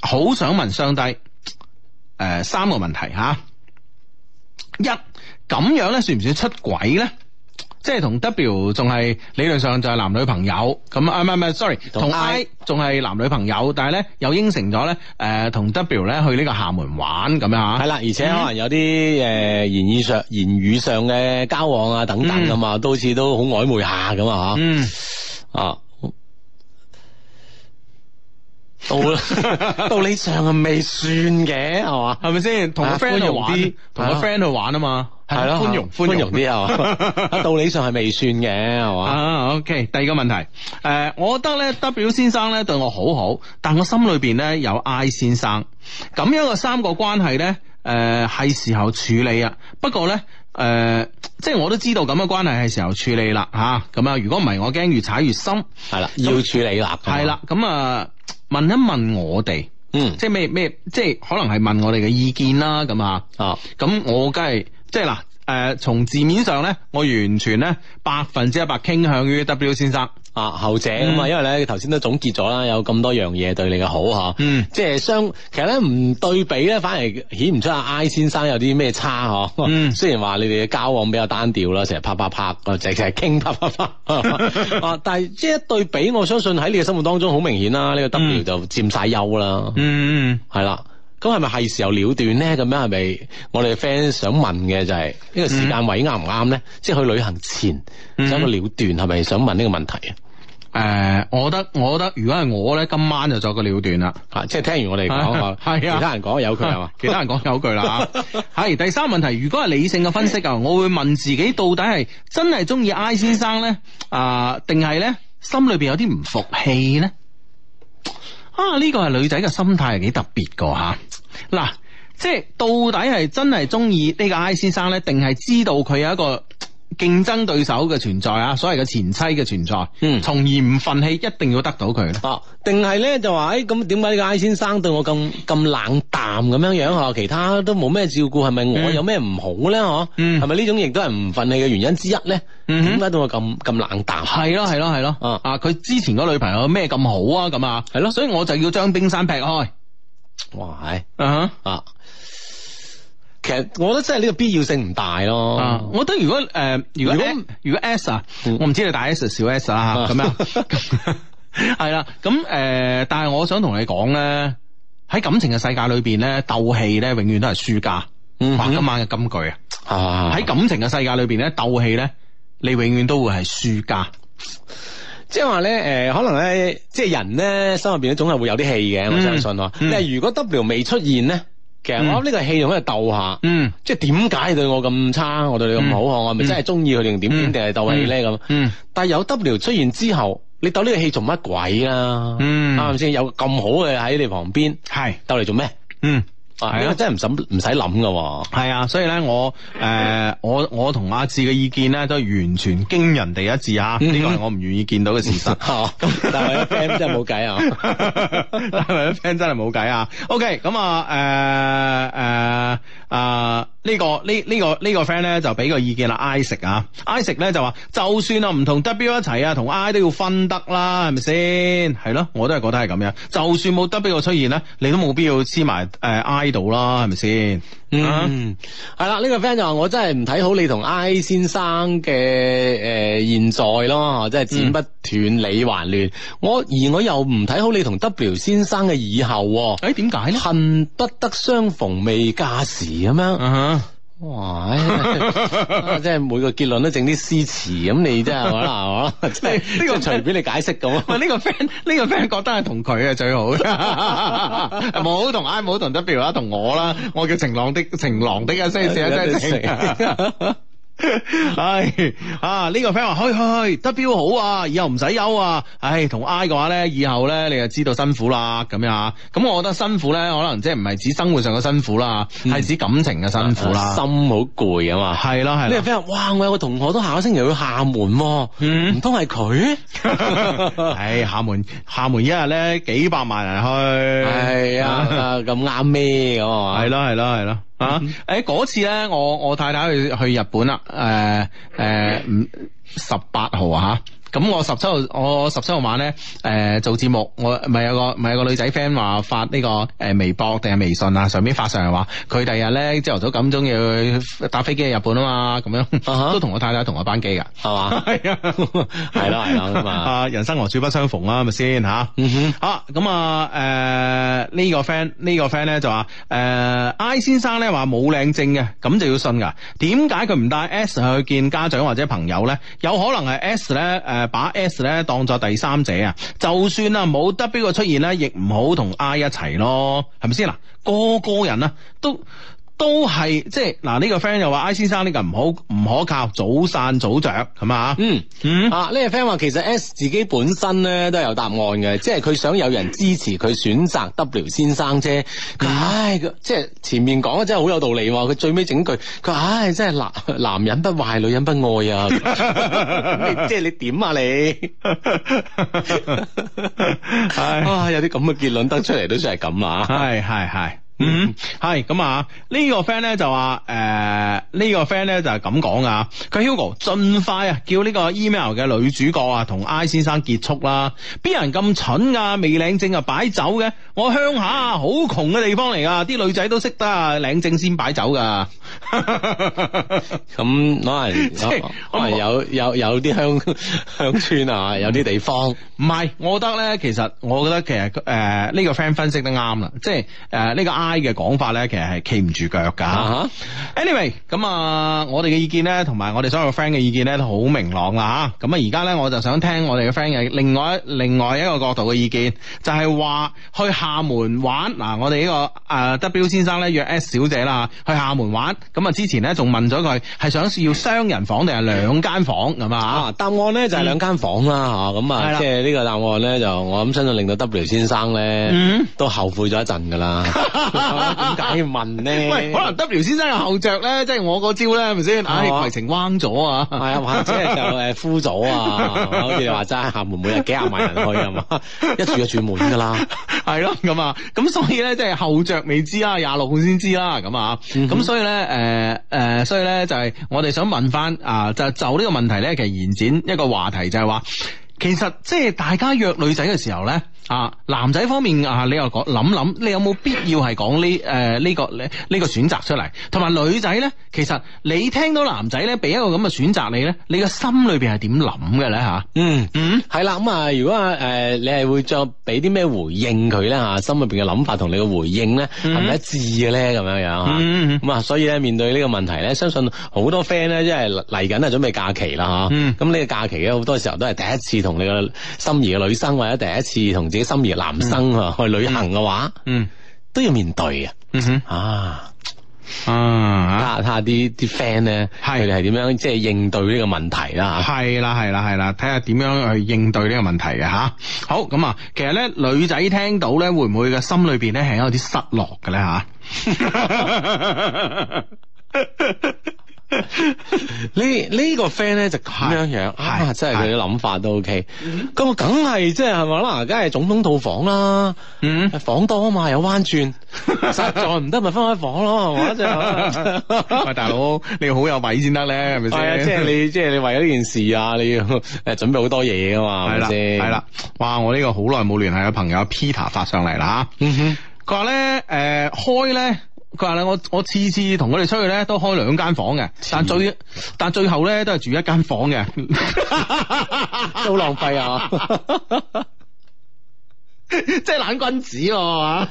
好想問上帝，誒、呃，三個問題吓、啊：一，咁樣咧算唔算出軌咧？即係同 W 仲係理論上就係男女朋友咁啊，唔係唔係，sorry，同 I 仲係男女朋友，但係咧又應承咗咧，誒、呃，同 W 咧去呢個廈門玩咁樣吓。係啦、嗯，而且可能有啲誒言語上、言語上嘅交往啊，等等噶嘛，嗯、都好似都好曖昧下咁啊吓。嗯，啊，到啦， 道理上係未算嘅係嘛，係咪先？同 friend 去玩，同個 friend 去玩啊嘛。係咯，寬容寬容啲啊！道理上係未算嘅，係嘛？OK，第二個問題，誒，我覺得咧，W 先生咧對我好好，但我心裏邊咧有 I 先生咁樣嘅三個關係咧，誒，係時候處理啊。不過咧，誒，即係我都知道咁嘅關係係時候處理啦，吓咁啊。如果唔係，我驚越踩越深。係啦，要處理啦。係啦，咁啊，問一問我哋，嗯，即係咩咩，即係可能係問我哋嘅意見啦，咁啊，啊，咁我梗係。即係嗱，誒，從字面上咧，我完全咧百分之一百傾向於 W 先生啊，後者啊嘛，因為咧，佢頭先都總結咗啦，有咁多樣嘢對你嘅好嗬，嗯，即係相，其實咧唔對比咧，反而顯唔出阿 I 先生有啲咩差嗬，嗯，雖然話你哋嘅交往比較單調啦，成日啪啪啪，成日傾啪啪啪，啊，但係即係一對比，我相信喺你嘅生活當中好明顯啦，呢個 W 就佔晒優啦，嗯嗯，係啦。咁係咪係時候了斷咧？咁樣係咪我哋嘅 fans 想問嘅就係呢個時間位啱唔啱咧？嗯、即係去旅行前想個了斷係咪、嗯、想問呢個問題啊？誒、呃，我覺得我覺得如果係我咧，今晚就作個了斷啦。嚇、啊，即係聽完我哋講， 啊、其他人講有句係嘛？其他人講有句啦。係第三個問題，如果係理性嘅分析啊， 我會問自己到底係真係中意 I 先生咧，啊、呃，定係咧心裏邊有啲唔服氣咧？啊！呢個係女仔嘅心態係幾特別噶吓，嗱，即係到底係真係中意呢個 I 先生咧，定係知道佢有一個？競爭對手嘅存在啊，所謂嘅前妻嘅存在，存在，嗯，從而唔忿氣，一定要得到佢咧，哦、啊，定係咧就話誒，咁點解呢個 I 先生對我咁咁冷淡咁樣樣嗬？其他都冇咩照顧，係咪我、嗯、有咩唔好咧？嗬、嗯，係咪呢種亦都係唔忿氣嘅原因之一咧？嗯哼，點解對我咁咁冷淡？係咯係咯係咯，啊啊，佢、啊、之前嗰女朋友咩咁好啊？咁啊，係咯，所以我就要將冰山劈開。哇，啊、uh huh. 啊！其實我覺得真係呢個必要性唔大咯。我覺得如果誒，如果如果 S 啊，我唔知你大 S 小 S 啊，咁樣係啦。咁誒，但係我想同你講咧，喺感情嘅世界裏邊咧，鬥氣咧永遠都係輸家。哇，今晚嘅金句啊！喺感情嘅世界裏邊咧，鬥氣咧，你永遠都會係輸家。即係話咧，誒，可能咧，即係人咧，心入邊咧，總係會有啲氣嘅。我相信咯。但係如果 W 未出現咧？其實我諗呢個戲用去鬥下，嗯、即係點解對我咁差，我對你咁好，嗯、我係咪真係中意佢定點點定係鬥氣咧咁？但係有 W 出現之後，你鬥呢個戲做乜鬼啊？啱唔啱先？有咁好嘅喺你旁邊，係鬥嚟做咩？係啊，真係唔使唔使諗噶。係啊，啊，所以咧、呃，我誒我我同阿志嘅意見咧都係完全驚人哋一致啊！呢個、嗯、哼係我唔願意見到嘅事實。但係啲 friend 真係冇計啊！ 但係啲 friend 真係冇計啊！OK，咁啊誒誒。呃呃啊！Uh, 這個這個這個、呢個呢呢個呢個 friend 咧就俾個意見啦，I 食啊，I 食咧就話就算啊唔同 W 一齊啊，同 I 都要分得啦，係咪先？係咯，我都係覺得係咁樣。就算冇 W 出現咧，你都冇必要黐埋誒 I 度啦，係咪先？嗯，係啦，呢、這個 friend 就話我真係唔睇好你同 I 先生嘅誒、呃、現在咯，即係剪不斷理還亂。嗯、我而我又唔睇好你同 W 先生嘅以後、啊。誒，點解咧？恨不得相逢未嫁時。咁樣，哇！即係每個結論都整啲詩詞咁，你真係係嘛？係嘛？即係呢個隨便你解釋咁。唔，呢個 friend，呢個 friend 覺得係同佢係最好。冇同 I，冇同 W 啦，同我啦。我叫晴朗的晴朗的啊，先生，先生。唉啊！呢個 friend 話去去去，W 好啊，以後唔使憂啊。唉，同 I 嘅話咧，以後咧你就知道辛苦啦。咁樣，咁我覺得辛苦咧，可能即係唔係指生活上嘅辛苦啦，係指感情嘅辛苦啦，心好攰啊嘛。係咯，係呢個 friend 哇！我有個同學都下個星期去廈門，唔通係佢？唉，廈門廈門一日咧幾百萬人去，係啊，咁啱咩咁啊？係咯係咯係咯。 啊！誒、欸，嗰次咧，我我太太去去日本啦，誒、呃、誒，五、呃呃、十八號啊！吓。咁我十七號，我十七號晚咧，誒做節目，我咪有個咪有個女仔 friend 話發呢個誒微博定係微信啊，上面發上嚟話，佢第日咧朝頭早九點鐘要搭飛機去日本啊嘛，咁樣都同我太太同我班機噶，係嘛？係啊，係啦係啦，啊，人生何處不相逢啊，咪先吓，好啦，咁啊，誒呢個 friend 呢個 friend 咧就話，誒 I 先生咧話冇靚證嘅，咁就要信噶？點解佢唔帶 S 去見家長或者朋友咧？有可能係 S 咧誒？誒，S 把 S 咧當作第三者啊，就算啊冇 W 嘅出現咧，亦唔好同 I 一齊咯，係咪先嗱？個個人啊都。都係即係嗱，呢個 friend 又話 I 先生呢個唔好唔可靠，早散早着，係嘛？嗯嗯啊，呢個 friend 話其實 S 自己本身咧都有答案嘅，即係佢想有人支持佢選擇 W 先生啫。唉，即係前面講嘅真係好有道理，佢最尾整句佢唉，真係男男人不壞女人不愛啊！即係你點啊你？唉啊，有啲咁嘅結論得出嚟都算係咁啊！係係係。Mm hmm. 嗯，係咁啊！呢個、呢、呃呢個 friend 咧就話誒呢個 friend 咧就係咁講啊。佢 Hugo 盡快啊，叫呢個 email 嘅女主角啊，同 I 先生結束啦。邊人咁蠢啊，未領證啊，擺酒嘅？我鄉下啊，好窮嘅地方嚟噶，啲女仔都識得啊，領證先擺酒噶。咁可能可能有有有啲鄉鄉村啊，有啲地方。唔係、嗯、我覺得咧，其實我覺得其實誒呢、呃呢個 friend 分析得啱啦。即係誒呢個 I。嘅講法咧，其實係企唔住腳噶吓。Anyway，、呃、咁啊，我哋嘅意見咧，同埋我哋所有 friend 嘅意見咧，都好明朗啦嚇。咁啊，而家咧，我就想聽我哋嘅 friend 嘅另外另外一個角度嘅意見，就係、是、話去廈門玩。嗱、啊，我哋呢、呢個誒、呃、W 先生咧約 S 小姐啦，去廈門玩。咁啊，之前咧仲問咗佢係想要雙人房定係兩間房咁啊，啊？答案咧就係、是、兩間房啦嚇。咁、嗯、啊，即係呢個答案咧，就我諗相信令到 W 先生咧、嗯、都後悔咗一陣㗎啦。 點、哦、解要問咧？可能 W 先生嘅後着咧，即係我嗰招咧，係咪先？唉、哦，行程彎咗啊！係啊， 或者就誒敷咗啊， 好似你話齋，廈門每日幾廿萬人去啊嘛，一住一住滿噶啦，係咯咁啊。咁、 啊、所以咧，即係後着未知啦，廿六號先知啦。咁啊，咁、嗯、哼所以咧，誒、呃、誒，所以咧就係我哋想問翻啊，就就呢個問題咧，其實延展一個話題就係話，其實即係大家約女仔嘅時候咧。啊，男仔方面啊，你又講諗諗，你有冇必要係講呢？誒、呃、呢、這個呢呢、這個選擇出嚟，同埋女仔咧，其實你聽到男仔咧俾一個咁嘅選擇你咧，你個心裏邊係點諗嘅咧吓？嗯 嗯，係、嗯、啦、咁、嗯、啊，如果啊誒，你係會再俾啲咩回應佢咧吓？心裏邊嘅諗法同你嘅回應咧，係咪一致嘅咧？咁樣樣吓，咁啊，所以咧面對呢個問題咧，相信好多 friend 咧，即係嚟緊啊，準備假期啦吓。嗯。咁呢個假期咧，好、嗯嗯嗯、多時候都係第一次同你嘅心儀嘅女生或者第一次同。自己心儀男生去旅行嘅話嗯，嗯，都要面對啊，嗯哼，啊啊，睇下睇下啲啲 friend 咧，係你係點樣即係應對呢個問題啦？係啦係啦係啦，睇下點樣去應對呢個問題嘅嚇、啊。好咁啊，其實咧女仔聽到咧，會唔會嘅心裏邊咧係有啲失落嘅咧嚇？ 這個、呢呢個 friend 咧就咁樣樣，是啊真係佢啲諗法都 OK。咁梗係即係係嘛啦，梗係總統套房啦，嗯、房多啊嘛，有彎轉，實在唔得咪分開房咯，係嘛？喂大佬你好有位先得咧，係咪先？係啊、哎，即、就、係、是、你即係你為咗呢件事啊，你要誒準備好多嘢噶嘛，係咪先？係啦，哇！我呢個好耐冇聯繫嘅朋友 Peter 發上嚟啦，嗯哼，佢話咧誒開咧。呢佢話咧，我我次次同佢哋出去咧，都開兩間房嘅，但最但最後咧都係住一間房嘅， 都浪費啊！ 即係懶君子喎，係啊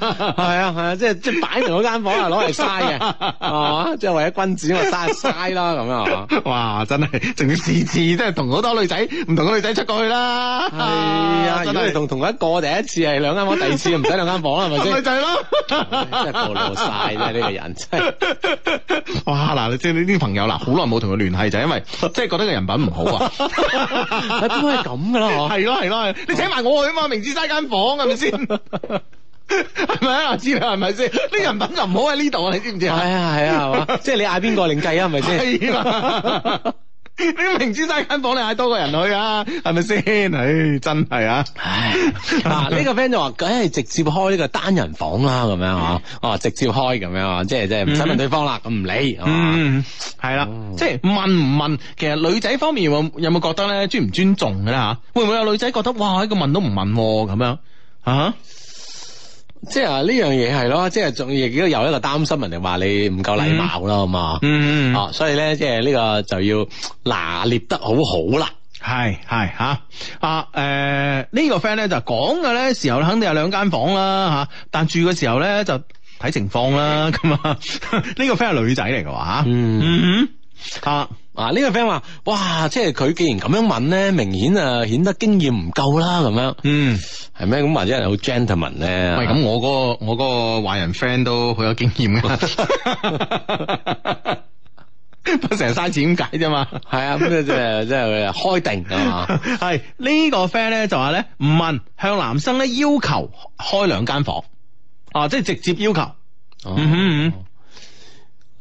係啊，即係即係擺明嗰間房啊，攞嚟嘥嘅，係嘛，即係為咗君子我嘥嘥啦，咁樣哇真係，仲要次次即係同好多女仔，唔同嗰女仔出過去啦，係啊，真係同同一個第一次係兩間房，第二次唔使兩間房啦，係咪先？就係咯，真係過路嘥啫，呢個人真係。哇嗱，即係呢啲朋友嗱，好耐冇同佢聯繫就係因為，即係覺得個人品唔好啊，點解咁噶啦？係咯係咯，你請埋我去嘛，明知嘥間房啊！係咪先？係咪 啊？知啦，係咪先？啲、啊、人品就唔好喺呢度啊！你知唔知啊？係啊係啊，係嘛、 啊？即係你嗌邊個另計 啊？係咪先？你明知晒間房，你嗌多個人去啊？係咪先？唉，真係啊！唉、這個，嗱，呢個 friend 就話，梗係，直接開呢個單人房啦，咁樣嗬？哦、啊啊，直接開咁樣啊，即係即係唔使問對方啦，咁唔理係嘛？係啦、啊，即係問唔問？其實女仔方面有冇覺得咧尊唔尊重噶啦吓？會唔會有女仔覺得哇，一、這個問都唔問咁、啊、樣？啊、uh huh.，即係呢樣嘢係咯，即係仲亦都有一個擔心人，人哋話你唔夠禮貌啦，咁啊，所以咧，即係呢、這個就要拿捏得好好啦，係係吓啊誒，啊呃這個、呢個 friend 咧就講嘅咧時候，肯定有兩間房啦吓、啊，但住嘅時候咧就睇情況啦。咁啊，呢個 friend 係女仔嚟㗎，吓嗯，啊。啊這個啊！呢個 friend 話，哇！即係佢既然咁樣問咧，明顯啊顯得經驗唔夠啦，咁樣。嗯，係咩？咁或者係好 gentleman 咧？喂、嗯，係咁，我嗰個我個壞人 friend 都好有經驗噶，不成嘥錢點解啫嘛？係啊，咁即係即係開定㗎嘛？係呢個 friend 咧就話咧唔問，向男生咧要求開兩間房，啊，即係直接要求。 嗯哼。嗯哼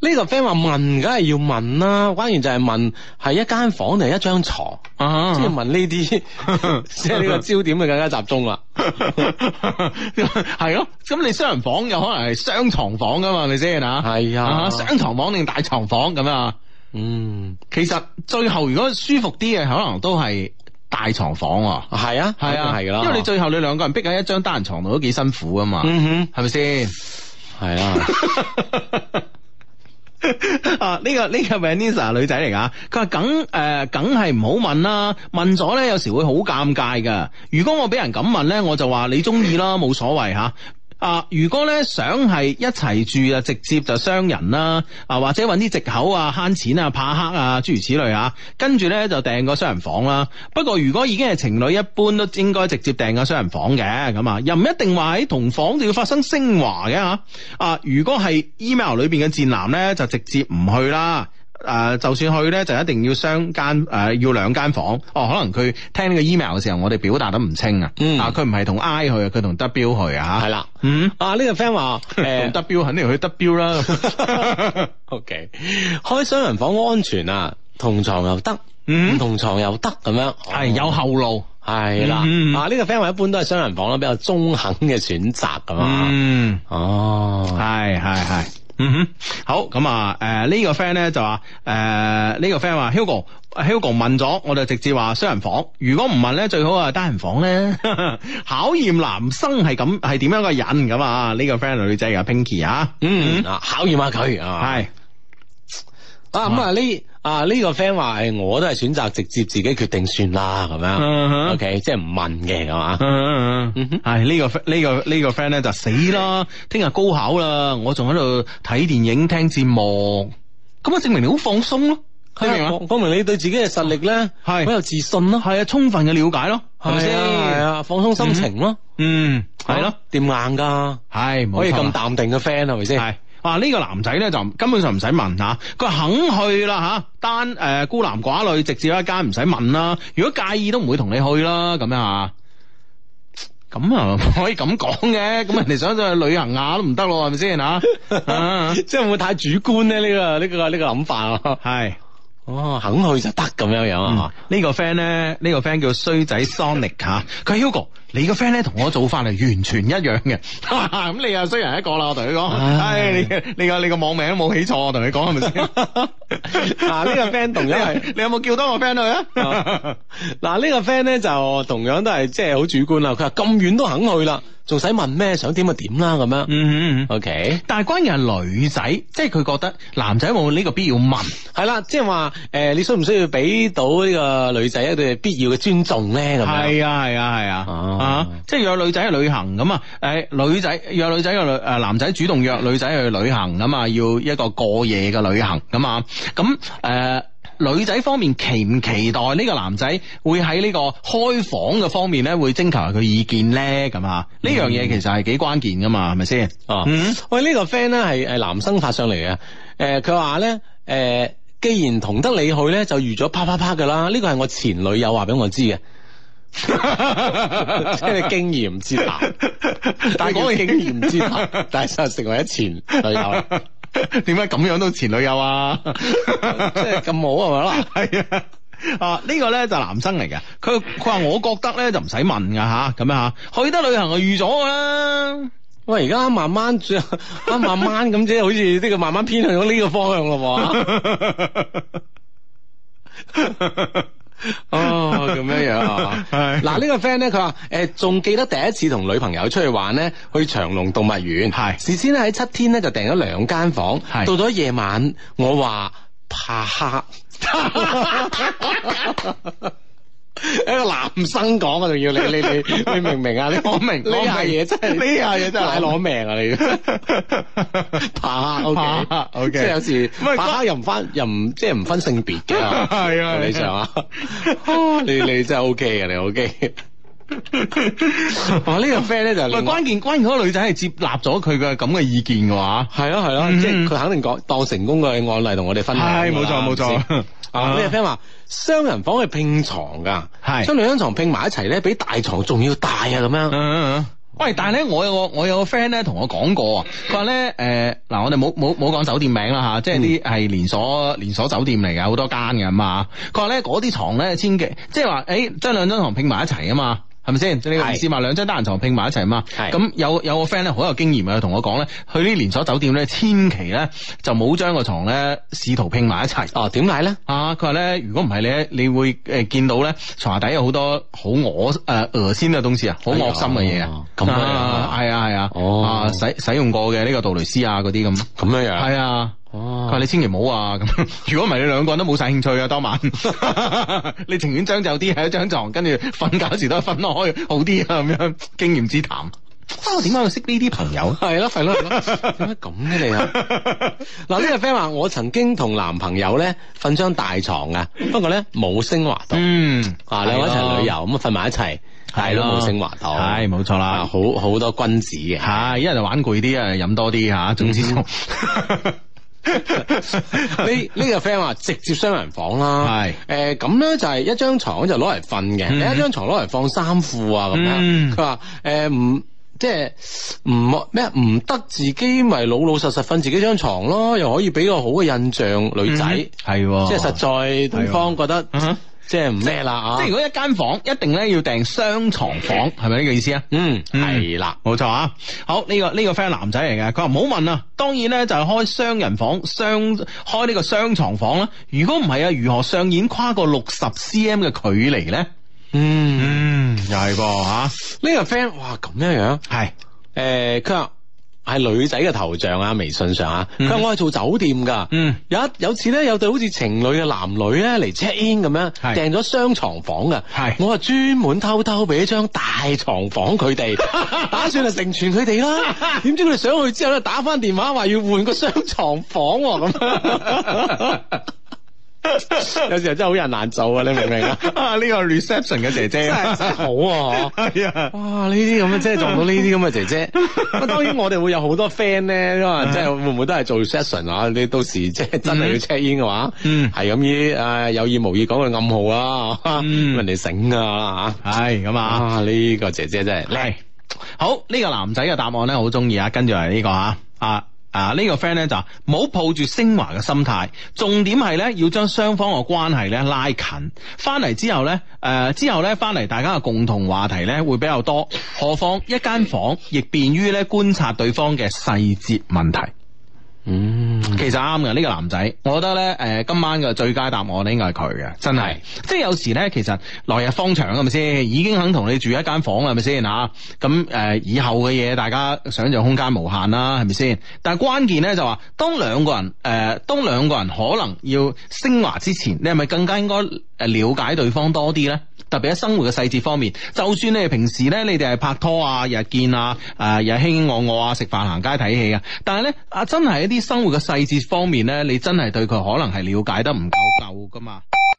呢個 friend 話問，梗係要問啦、啊。關鍵就係問係一間房定係一張床，即係、啊、哈 問呢啲，即係呢個焦點就更加集中啦。係 咯、 啊，咁你雙人房有可能係雙床房噶嘛？你先吓，係啊，雙床房定大床房咁啊？嗯，其實最後如果舒服啲嘅，可能都係大床房。啊。係啊，係啊，係啦。因為你最後你兩個人逼喺一張單人床度都幾辛苦噶嘛。嗯哼，係咪先？係是啊。 啊！呢個、呢個 Vanessa 女仔嚟噶，佢話梗誒梗係唔好問啦，問咗咧有時會好尷尬噶。如果我俾人咁問咧，我就話你中意啦，冇所謂吓。啊，如果咧想係一齊住啊，直接就雙人啦，啊或者揾啲藉口啊慳錢啊怕黑啊諸如此類啊。跟住呢，就訂個雙人房啦。不過如果已經係情侶，一般都應該直接訂個雙人房嘅咁啊，又唔一定話喺同房就要發生升華嘅吓。啊，如果係 email 裏邊嘅賤男呢，就直接唔去啦。誒，uh, 就算去咧，就一定要雙間誒，uh, 要兩間房。哦、oh，可能佢聽呢個 email 嘅時候，我哋表達得唔清啊。Mm. 啊，佢唔係同 I 去，啊，佢同 W 去啦、嗯、啊。係、這、啦、個。嗯、呃。啊，呢個 friend 話，誒，W 肯定去 W 啦。OK，開雙人房安全啊，同床又得，唔、嗯、同床又得，咁樣係、oh. 有後路。係、 嗯、啦。啊，呢、這個 friend 話，一般都係雙人房咯，比較中肯嘅選擇咁啊。嗯。哦。係係係。嗯哼，mm hmm. 好咁啊，誒、呃、呢、這個 friend 咧就話，誒、呃、呢、這個 friend 話 Hugo，Hugo 問咗，我就直接話雙人房，如果唔問咧最好啊單人房咧， 考驗男生係咁係點樣，樣個人咁啊，呢、這個 friend 女仔啊 Pinky 啊，嗯、mm，hmm. 考驗下佢是 啊，係、啊，啊咁啊呢。啊！呢個 friend 話，係我都係選擇直接自己決定算啦，咁樣，OK，即係唔問嘅，係嘛？係呢個呢個呢個 friend 咧就死啦！聽日高考啦，我仲喺度睇電影聽節目，咁啊證明你好放鬆咯，聽明啊？證明你對自己嘅實力咧係好有自信咯，係啊，充分嘅了解咯，係咪先？係啊，放鬆心情咯，嗯，係咯，掂硬噶，係可以咁淡定嘅 friend 係咪先？啊！呢、這個男仔咧就根本上唔使問吓，佢、啊、肯去啦吓、啊，單誒、呃、孤男寡女直接一間唔使問啦、啊。如果介意都唔會同你去啦，咁樣吓，咁啊可以咁講嘅。咁人哋想上去旅行啊都唔得咯，係咪先吓？ 即係會太主觀咧？呢、這個呢、這個呢、這個諗法係、啊、哦，肯去就得咁樣樣、嗯這個、啊。呢個 friend 咧，呢個 friend 叫衰仔 Sonic 吓，佢係 Hugo 你個 friend 咧同我做法係完全一樣嘅，咁 你又衰人一個啦！我同你講，係、啊、你個你個你個網名都冇起錯，我同你講係咪先？嗱，呢個 friend 同樣係， 你有冇叫多 個 friend 去啊？嗱，呢個 friend 咧就同樣都係即係好主觀啦。佢話咁遠都肯去啦，仲使問咩？想點就點啦，咁樣。樣嗯嗯 OK，但係關鍵係女仔，即係佢覺得男仔冇呢個必要問，係啦， 即係話誒，你需唔需要俾到呢個女仔一啲必要嘅尊重咧？咁樣。係啊！係啊！係啊！啊！即係約女仔去旅行咁啊！誒、嗯，女仔約女仔個女誒，男仔主動約女仔去旅行咁啊、嗯，要一個過夜嘅旅行咁啊！咁、嗯、誒、呃，女仔方面期唔期待呢個男仔會喺呢個開房嘅方面咧，會徵求下佢意見咧？咁、嗯、啊，呢樣嘢其實係幾關鍵噶嘛，係咪先？哦，喂，呢、這個 friend 咧係誒男生發上嚟啊。誒、呃，佢話咧誒，既然同得你去咧，就預咗啪啪啪噶啦！呢個係我前女友話俾我知嘅。 即係經驗之談，但係講個經驗之談，但係就成為一前女友。點解咁樣都前女友啊？即係咁好係咪啊？係啊，啊呢、這個咧就男生嚟嘅。佢佢話，我覺得咧就唔使問噶吓，咁、啊、樣吓、啊、去得旅行就預咗噶啦。喂，而家慢慢啊，慢慢咁即係，好似啲佢慢慢偏向咗呢個方向咯。啊 哦，咁樣樣。嗱 是，這個、呢個 friend 咧，佢話誒，仲、呃、記得第一次同女朋友出去玩咧，去長隆動物園。係事先咧喺七天咧就訂咗兩間房。係是到咗夜晚，我話怕黑。 一個男生講，我仲要你，你你你明唔明啊？你講明呢下嘢真係呢下嘢真係攞命啊！你 爬 O、okay、K，、okay、即係有時是爬蝦又唔分哈又唔即係唔分性別嘅，係啊，你上啊，你啊啊你，你真係 O K 嘅，你 O、OK、K。呢、 哦這個 friend 咧就關鍵關鍵嗰個女仔係接納咗佢嘅咁嘅意見嘅話，係咯係咯，啊啊啊嗯嗯、即係佢肯定講當成功嘅案例同我哋分享。係、啊，冇錯冇錯。啊！啲 friend 話雙人房係拼床噶，係將兩張床拼埋一齊咧，比大床仲要大啊！咁樣，uh huh. 喂，但係咧，我有個我我有個 friend 咧同我講過，佢話咧，誒，嗱，我哋冇冇冇講酒店名啦吓，即係啲係連鎖連鎖酒店嚟嘅，好多間嘅咁啊，佢話咧嗰啲床咧千祈，即係話誒，將兩張床拼埋一齊啊嘛。係咪先？即係你嘅意思嘛？兩張單人床拼埋一齊嘛？咁是有有個 friend 咧好有經驗、哦、啊，同我講咧，去啲連鎖酒店咧，千祈咧就冇將個床咧試圖拼埋一齊。哦，點解咧？啊，佢話咧，如果唔係咧，你會誒見到咧床下底有好多好惡誒惡心嘅東西啊，好惡心嘅嘢啊。咁、哎、樣啊？係啊係啊。啊啊啊哦。啊，使使用過嘅呢個杜蕾斯啊，嗰啲咁。咁樣樣。係啊。佢話你千祈唔好啊！咁如果唔係，你兩個人都冇晒興趣啊！當晚 你情願將就啲喺一張床，跟住瞓覺時都瞓開好啲啊！咁樣經驗之談。啊、哦，點解會識呢啲朋友？係咯， 係咯，點解咁嘅你啊？嗱，呢個 friend 話我曾經同男朋友咧瞓張大床啊，不過咧冇升華到。嗯，啊，你我一齊旅遊咁啊，瞓埋、哦、一齊係咯，冇升華到。係、哦，冇錯啦，好好多君子嘅。係， 人一人就玩攰啲啊，飲多啲吓，總之。 呢呢個 friend 話直接雙人房啦，係誒咁咧就係、是、一張床就攞嚟瞓嘅，另、嗯、一張床攞嚟放衫褲啊咁樣。佢話誒唔即係唔咩唔得自己咪老老實實瞓自己張床咯，又可以俾個好嘅印象女仔係，嗯哦、即係實在對方覺得。即係唔咩啦啊！即係如果一間房間一定咧要訂雙床房，係咪呢個意思啊？嗯，係啦、嗯，冇錯的啊。好，呢個呢個 friend 男仔嚟嘅，佢話唔好問啊。當然咧就係開雙人房，雙開呢個雙床房啦。如果唔係啊，如何上演跨過六十 cm 嘅距離咧？嗯，又係噃吓呢個 friend，哇咁樣樣係誒，佢話是。欸係女仔嘅頭像啊，微信上啊，佢話、嗯、我係做酒店噶，嗯、有一有次咧，有對好似情侶嘅男女咧嚟 check in 咁樣，訂咗雙床房噶，是我啊專門偷偷俾一張大床房佢哋， 打算啊成全佢哋啦，點知佢哋上去之後咧，打翻電話話要換個雙床房咁。 有時候真係好人難做啊！你明唔明 啊？呢、這個 reception 嘅姐姐 真好啊！ 哇！呢啲咁嘅即係撞到呢啲咁嘅姐姐。咁當然我哋會有好多 friend 咧，即係 會唔會都係做 reception 啊？你到時即係真係要 check in 嘅話，嗯，係咁依啊，有意無意講個暗號、嗯、啊，人哋醒啊！唉，咁啊，呢、啊這個姐姐真係好呢、這個男仔嘅答案咧，好中意啊！跟住係呢個啊。啊！呢個 friend 咧就唔好抱住升華嘅心態，重點係咧要將雙方嘅關係咧拉近。翻嚟之後咧，誒、呃、之後咧翻嚟，大家嘅共同話題咧會比較多。何況一間房，亦便於咧觀察對方嘅細節問題。嗯，其實啱嘅呢個男仔，我覺得呢，誒、呃、今晚嘅最佳答案咧，應該係佢嘅，真係。是即係有時呢，其實來日方長，係咪先？已經肯同你住一間房啦，係咪先啊？咁、呃、誒，以後嘅嘢，大家想象空間無限啦，係咪先？但係關鍵呢，就話，當兩個人誒、呃，當兩個人可能要升華之前，你係咪更加應該誒了解對方多啲呢？特別喺生活嘅細節方面，就算你平時咧，你哋係拍拖啊，日日見啊，誒、啊，日卿卿我我啊，食飯行街睇戲啊，但係呢，啊，真係喺啲生活嘅細節方面呢，你真係對佢可能係了解得唔夠夠㗎嘛。